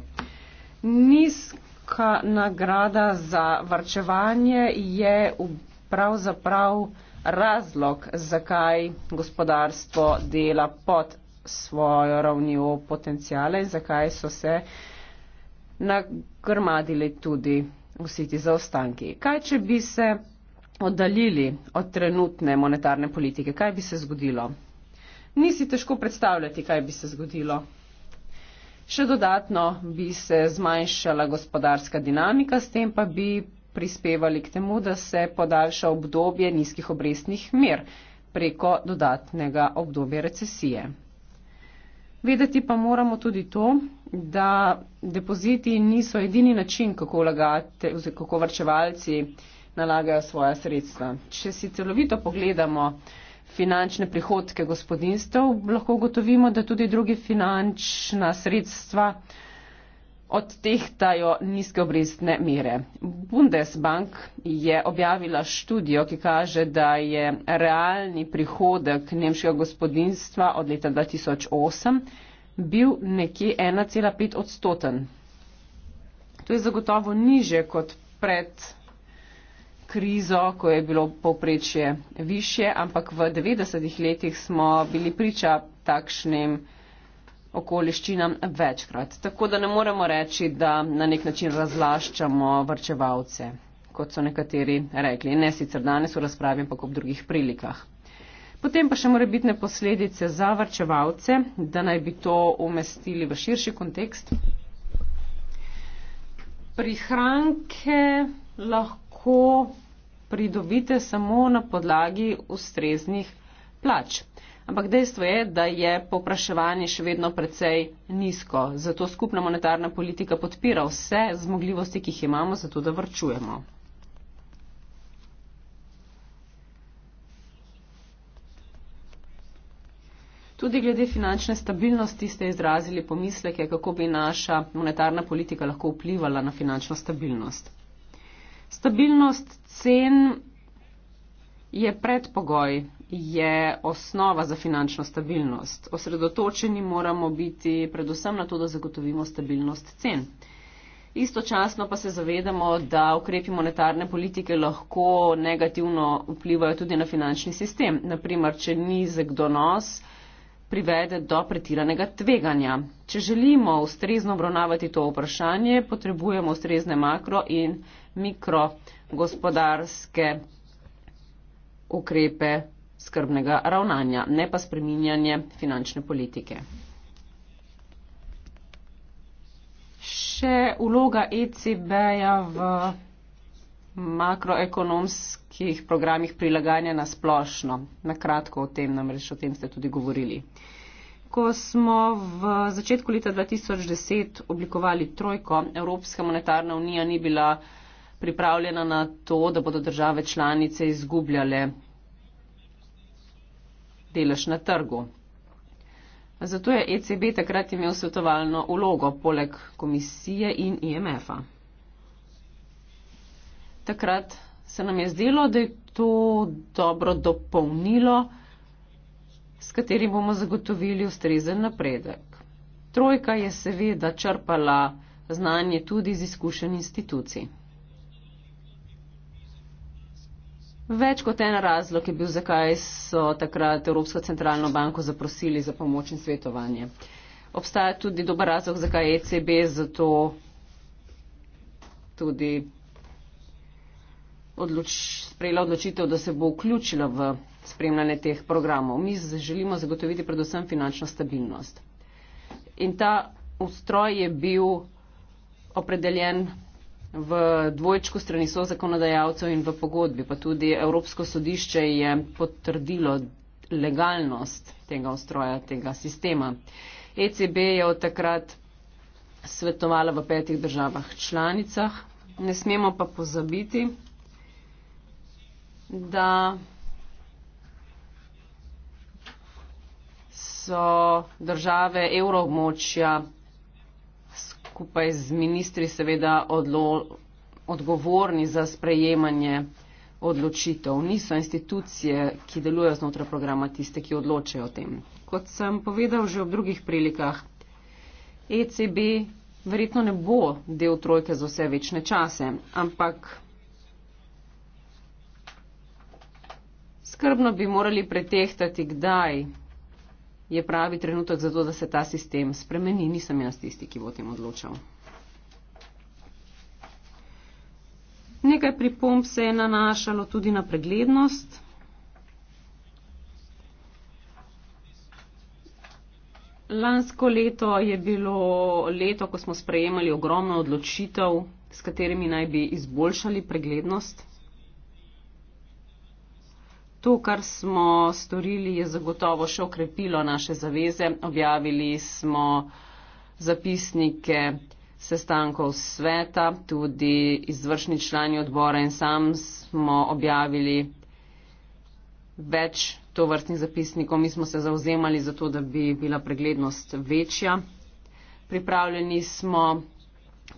Speaker 5: Nizka nagrada za varčevanje je pravzaprav razlog, zakaj gospodarstvo dela pod svojo ravnjo potencijala in zakaj so se nagrmadili tudi vsi ti zaostanki. Kaj, če bi se oddaljili od trenutne monetarne politike, kaj bi se zgodilo? Nisi težko predstavljati, kaj bi se zgodilo. Še dodatno bi se zmanjšala gospodarska dinamika, s tem pa bi prispevali k temu, da se podaljša obdobje nizkih obrestnih mer preko dodatnega obdobja recesije. Vedeti pa moramo tudi to, da depoziti niso edini način, kako, lagate, kako vrčevalci nalagajo svoja sredstva. Če si celovito pogledamo finančne prihodke gospodinstv, lahko gotovimo, da tudi drugi finančna sredstva odtehtajo nizke obrestne mere. Bundesbank je objavila študijo, ki kaže, da je realni prihodek nemškega gospodinstva od leta 2008 bil nekje 1,5 odstoten. To je zagotovo niže kot pred krizo, ko je bilo povprečje više, ampak v 90-ih letih smo bili priča takšnim okoliščinam večkrat. Tako da ne moremo reči, da na nek način razlaščamo vrčevalce, kot so nekateri rekli. Ne sicer danes v razpravi, ampak ob drugih prilikah. Potem pa še more bitne posledice za vrčevalce, da naj bi to umestili v širši kontekst. Prihranke lahko pridobite samo na podlagi ustreznih plač ampak dejstvo je, da je popraševanje še vedno precej nizko. Zato skupna monetarna politika podpira vse zmogljivosti, ki jih imamo, zato da vrčujemo. Tudi glede finančne stabilnosti ste izrazili pomisleke, kako bi naša monetarna politika lahko vplivala na finančno stabilnost. Stabilnost cen je predpogoj je osnova za finančno stabilnost. Osredotočeni moramo biti predvsem na to, da zagotovimo stabilnost cen. Istočasno pa se zavedamo, da ukrepi monetarne politike lahko negativno vplivajo tudi na finančni sistem. Naprimer, če nizek donos privede do pretiranega tveganja. Če želimo ustrezno obravnavati to vprašanje, potrebujemo ustrezne makro in mikro gospodarske ukrepe skrbnega ravnanja, ne pa spreminjanje finančne politike. Še vloga ECB-ja v makroekonomskih programih prilagajanja na splošno. Na kratko o tem, namreč o tem ste tudi govorili. Ko smo v začetku leta 2010 oblikovali trojko, Evropska monetarna unija ni bila pripravljena na to, da bodo države članice izgubljale delež na trgu. Zato je ECB takrat imel svetovalno ulogo poleg komisije in IMF-a. Takrat se nam je zdelo, da je to dobro dopolnilo, s katerim bomo zagotovili ustrezen napredek. Trojka je seveda črpala znanje tudi iz izkušenj institucij. Več kot en razlog je bil, zakaj so takrat Evropsko centralno banko zaprosili za pomoč in svetovanje. Obstaja tudi dober razlog, zakaj je ECB zato tudi odloč, sprejela odločitev, da se bo vključila v spremljanje teh programov. Mi želimo zagotoviti predvsem finančno stabilnost. In ta ustroj je bil opredeljen v dvojčku strani so zakonodajalcev in v pogodbi, pa tudi Evropsko sodišče je potrdilo legalnost tega ostroja, tega sistema. ECB je od takrat svetovala v petih državah članicah. Ne smemo pa pozabiti, da so države evroobmočja skupaj z ministri seveda odlo, odgovorni za sprejemanje odločitev. Niso institucije, ki delujejo znotraj programa, tiste, ki odločajo o tem. Kot sem povedal že ob drugih prilikah, ECB verjetno ne bo del trojke za vse večne čase, ampak skrbno bi morali pretehtati, kdaj je pravi trenutek za to, da se ta sistem spremeni. Nisem jaz tisti, ki bo tem odločal. Nekaj pripomb se je nanašalo tudi na preglednost. Lansko leto je bilo leto, ko smo sprejemali ogromno odločitev, s katerimi naj bi izboljšali preglednost. To, kar smo storili, je zagotovo še okrepilo naše zaveze. Objavili smo zapisnike sestankov sveta, tudi izvršni člani odbora in sam smo objavili več tovrstnih zapisnikov. Mi smo se zauzemali za to, da bi bila preglednost večja. Pripravljeni smo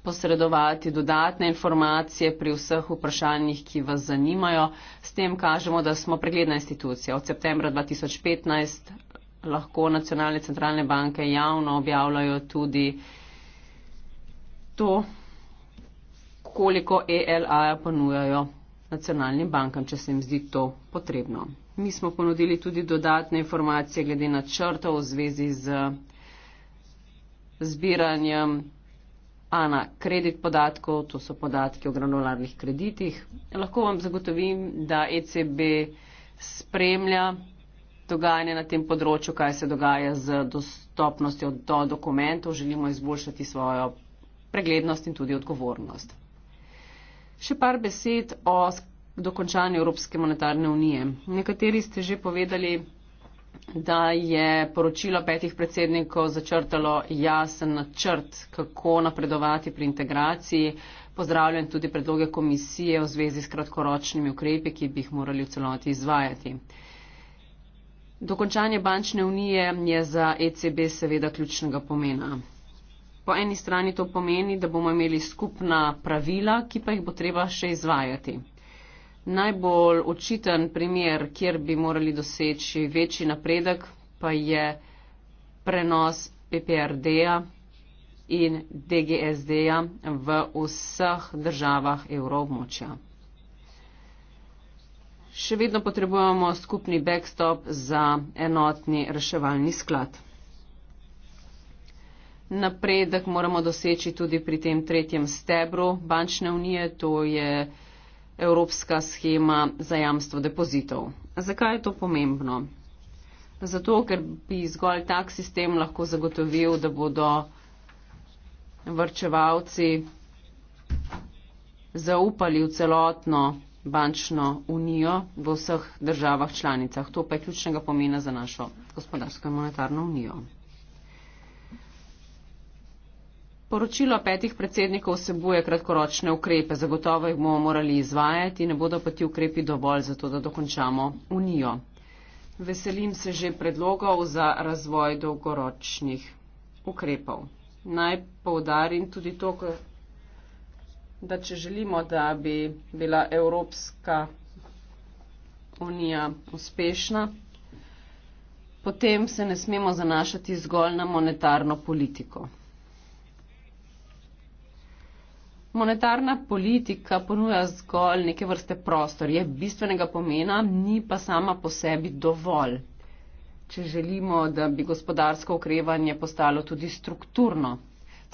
Speaker 5: posredovati dodatne informacije pri vseh vprašanjih, ki vas zanimajo. S tem kažemo, da smo pregledna institucija. Od septembra 2015 lahko nacionalne centralne banke javno objavljajo tudi to, koliko ELA-ja ponujajo nacionalnim bankam, če se jim zdi to potrebno. Mi smo ponudili tudi dodatne informacije glede načrtov v zvezi z zbiranjem Ana, kredit podatkov, to so podatki o granularnih kreditih. Lahko vam zagotovim, da ECB spremlja dogajanje na tem področju, kaj se dogaja z dostopnostjo do dokumentov. Želimo izboljšati svojo preglednost in tudi odgovornost. Še par besed o dokončanju Evropske monetarne unije. Nekateri ste že povedali, da je poročilo petih predsednikov začrtalo jasen načrt, kako napredovati pri integraciji. Pozdravljam tudi predloge komisije v zvezi s kratkoročnimi ukrepi, ki bi jih morali v celoti izvajati. Dokončanje bančne unije je za ECB seveda ključnega pomena. Po eni strani to pomeni, da bomo imeli skupna pravila, ki pa jih bo treba še izvajati. Najbolj očiten primer, kjer bi morali doseči večji napredek, pa je prenos PPRD-ja in DGSD-ja v vseh državah evroobmočja. Še vedno potrebujemo skupni backstop za enotni reševalni sklad. Napredek moramo doseči tudi pri tem tretjem stebru bančne unije, to je evropska schema za jamstvo depozitov. Zakaj je to pomembno? Zato, ker bi zgolj tak sistem lahko zagotovil, da bodo vrčevalci zaupali v celotno bančno unijo v vseh državah članicah. To pa je ključnega pomena za našo gospodarsko in monetarno unijo. Poročilo petih predsednikov vsebuje kratkoročne ukrepe, zagotovo jih bomo morali izvajati, ne bodo pa ti ukrepi dovolj za to, da dokončamo unijo. Veselim se že predlogov za razvoj dolgoročnih ukrepov. Naj povdarim tudi to, da če želimo, da bi bila Evropska unija uspešna, potem se ne smemo zanašati zgolj na monetarno politiko. Monetarna politika ponuja zgolj neke vrste prostor, je bistvenega pomena, ni pa sama po sebi dovolj. Če želimo, da bi gospodarsko okrevanje postalo tudi strukturno,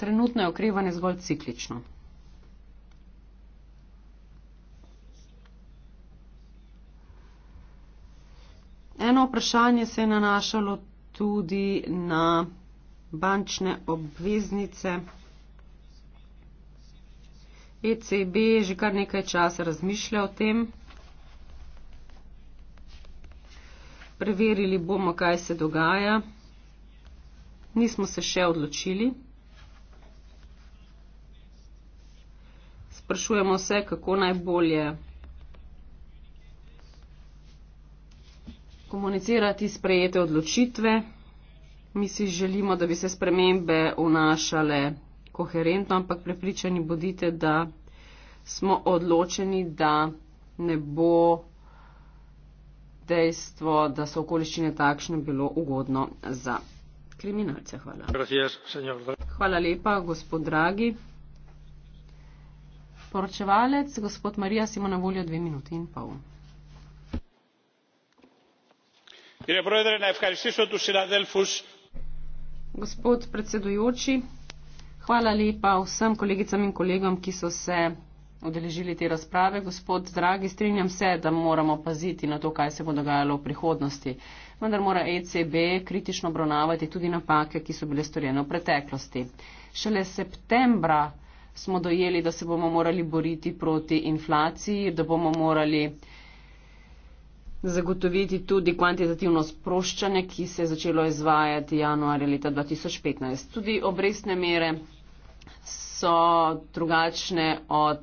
Speaker 5: trenutno je okrevanje zgolj ciklično. Eno vprašanje se je nanašalo tudi na bančne obveznice. ECB že kar nekaj časa razmišlja o tem. Preverili bomo, kaj se dogaja. Nismo se še odločili. Sprašujemo se, kako najbolje komunicirati sprejete odločitve. Mi si želimo, da bi se spremembe vnašale koherentno, ampak prepričani bodite, da smo odločeni, da ne bo dejstvo, da so okoliščine takšne bilo ugodno za kriminalce. Hvala. Hvala lepa, gospod Dragi. Poročevalec, gospod Marija, ima na voljo dve minuti in pol. Gospod predsedujoči, Hvala lepa vsem kolegicam in kolegom, ki so se odeležili te razprave. Gospod Dragi, strinjam se, da moramo paziti na to, kaj se bo dogajalo v prihodnosti. Vendar mora ECB kritično obravnavati tudi napake, ki so bile storjene v preteklosti. Šele septembra smo dojeli, da se bomo morali boriti proti inflaciji, da bomo morali zagotoviti tudi kvantitativno sproščanje, ki se je začelo izvajati januarja leta 2015. Tudi obrestne mere so drugačne od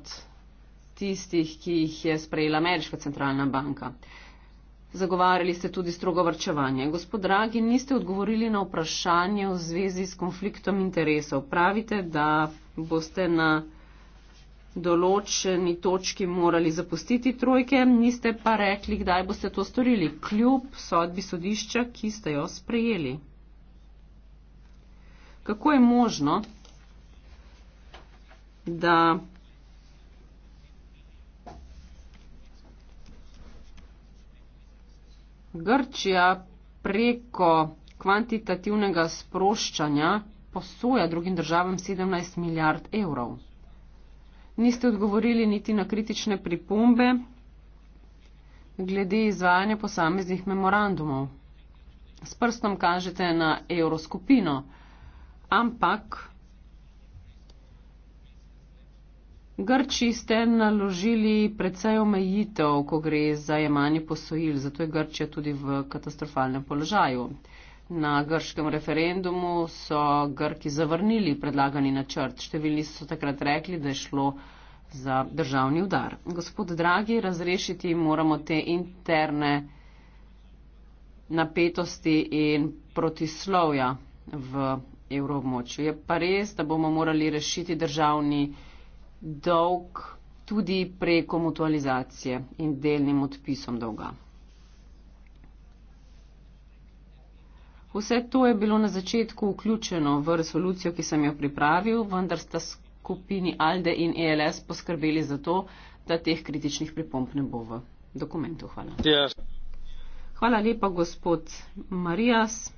Speaker 5: tistih, ki jih je sprejela Ameriška centralna banka. Zagovarjali ste tudi strogo vrčevanje. Gospod Dragi, niste odgovorili na vprašanje v zvezi s konfliktom interesov. Pravite, da boste na določeni točki morali zapustiti trojke, niste pa rekli, kdaj boste to storili, kljub sodbi sodišča, ki ste jo sprejeli. Kako je možno, da Grčija preko kvantitativnega sproščanja posoja drugim državam 17 milijard evrov. Niste odgovorili niti na kritične pripombe glede izvajanja posameznih memorandumov. S prstom kažete na evroskupino, ampak Grči ste naložili precej omejitev, ko gre za jemanje posojil, zato je Grčija tudi v katastrofalnem položaju. Na grškem referendumu so Grki zavrnili predlagani načrt. Številni so takrat rekli, da je šlo za državni udar. Gospod Dragi, razrešiti moramo te interne napetosti in protislovja v evroobmočju. Je pa res, da bomo morali rešiti državni dolg tudi preko mutualizacije in delnim odpisom dolga. Vse to je bilo na začetku vključeno v resolucijo, ki sem jo pripravil, vendar sta skupini ALDE in ELS poskrbeli za to, da teh kritičnih pripomp ne bo v dokumentu. Hvala. Yes. Hvala lepa, gospod Marijas.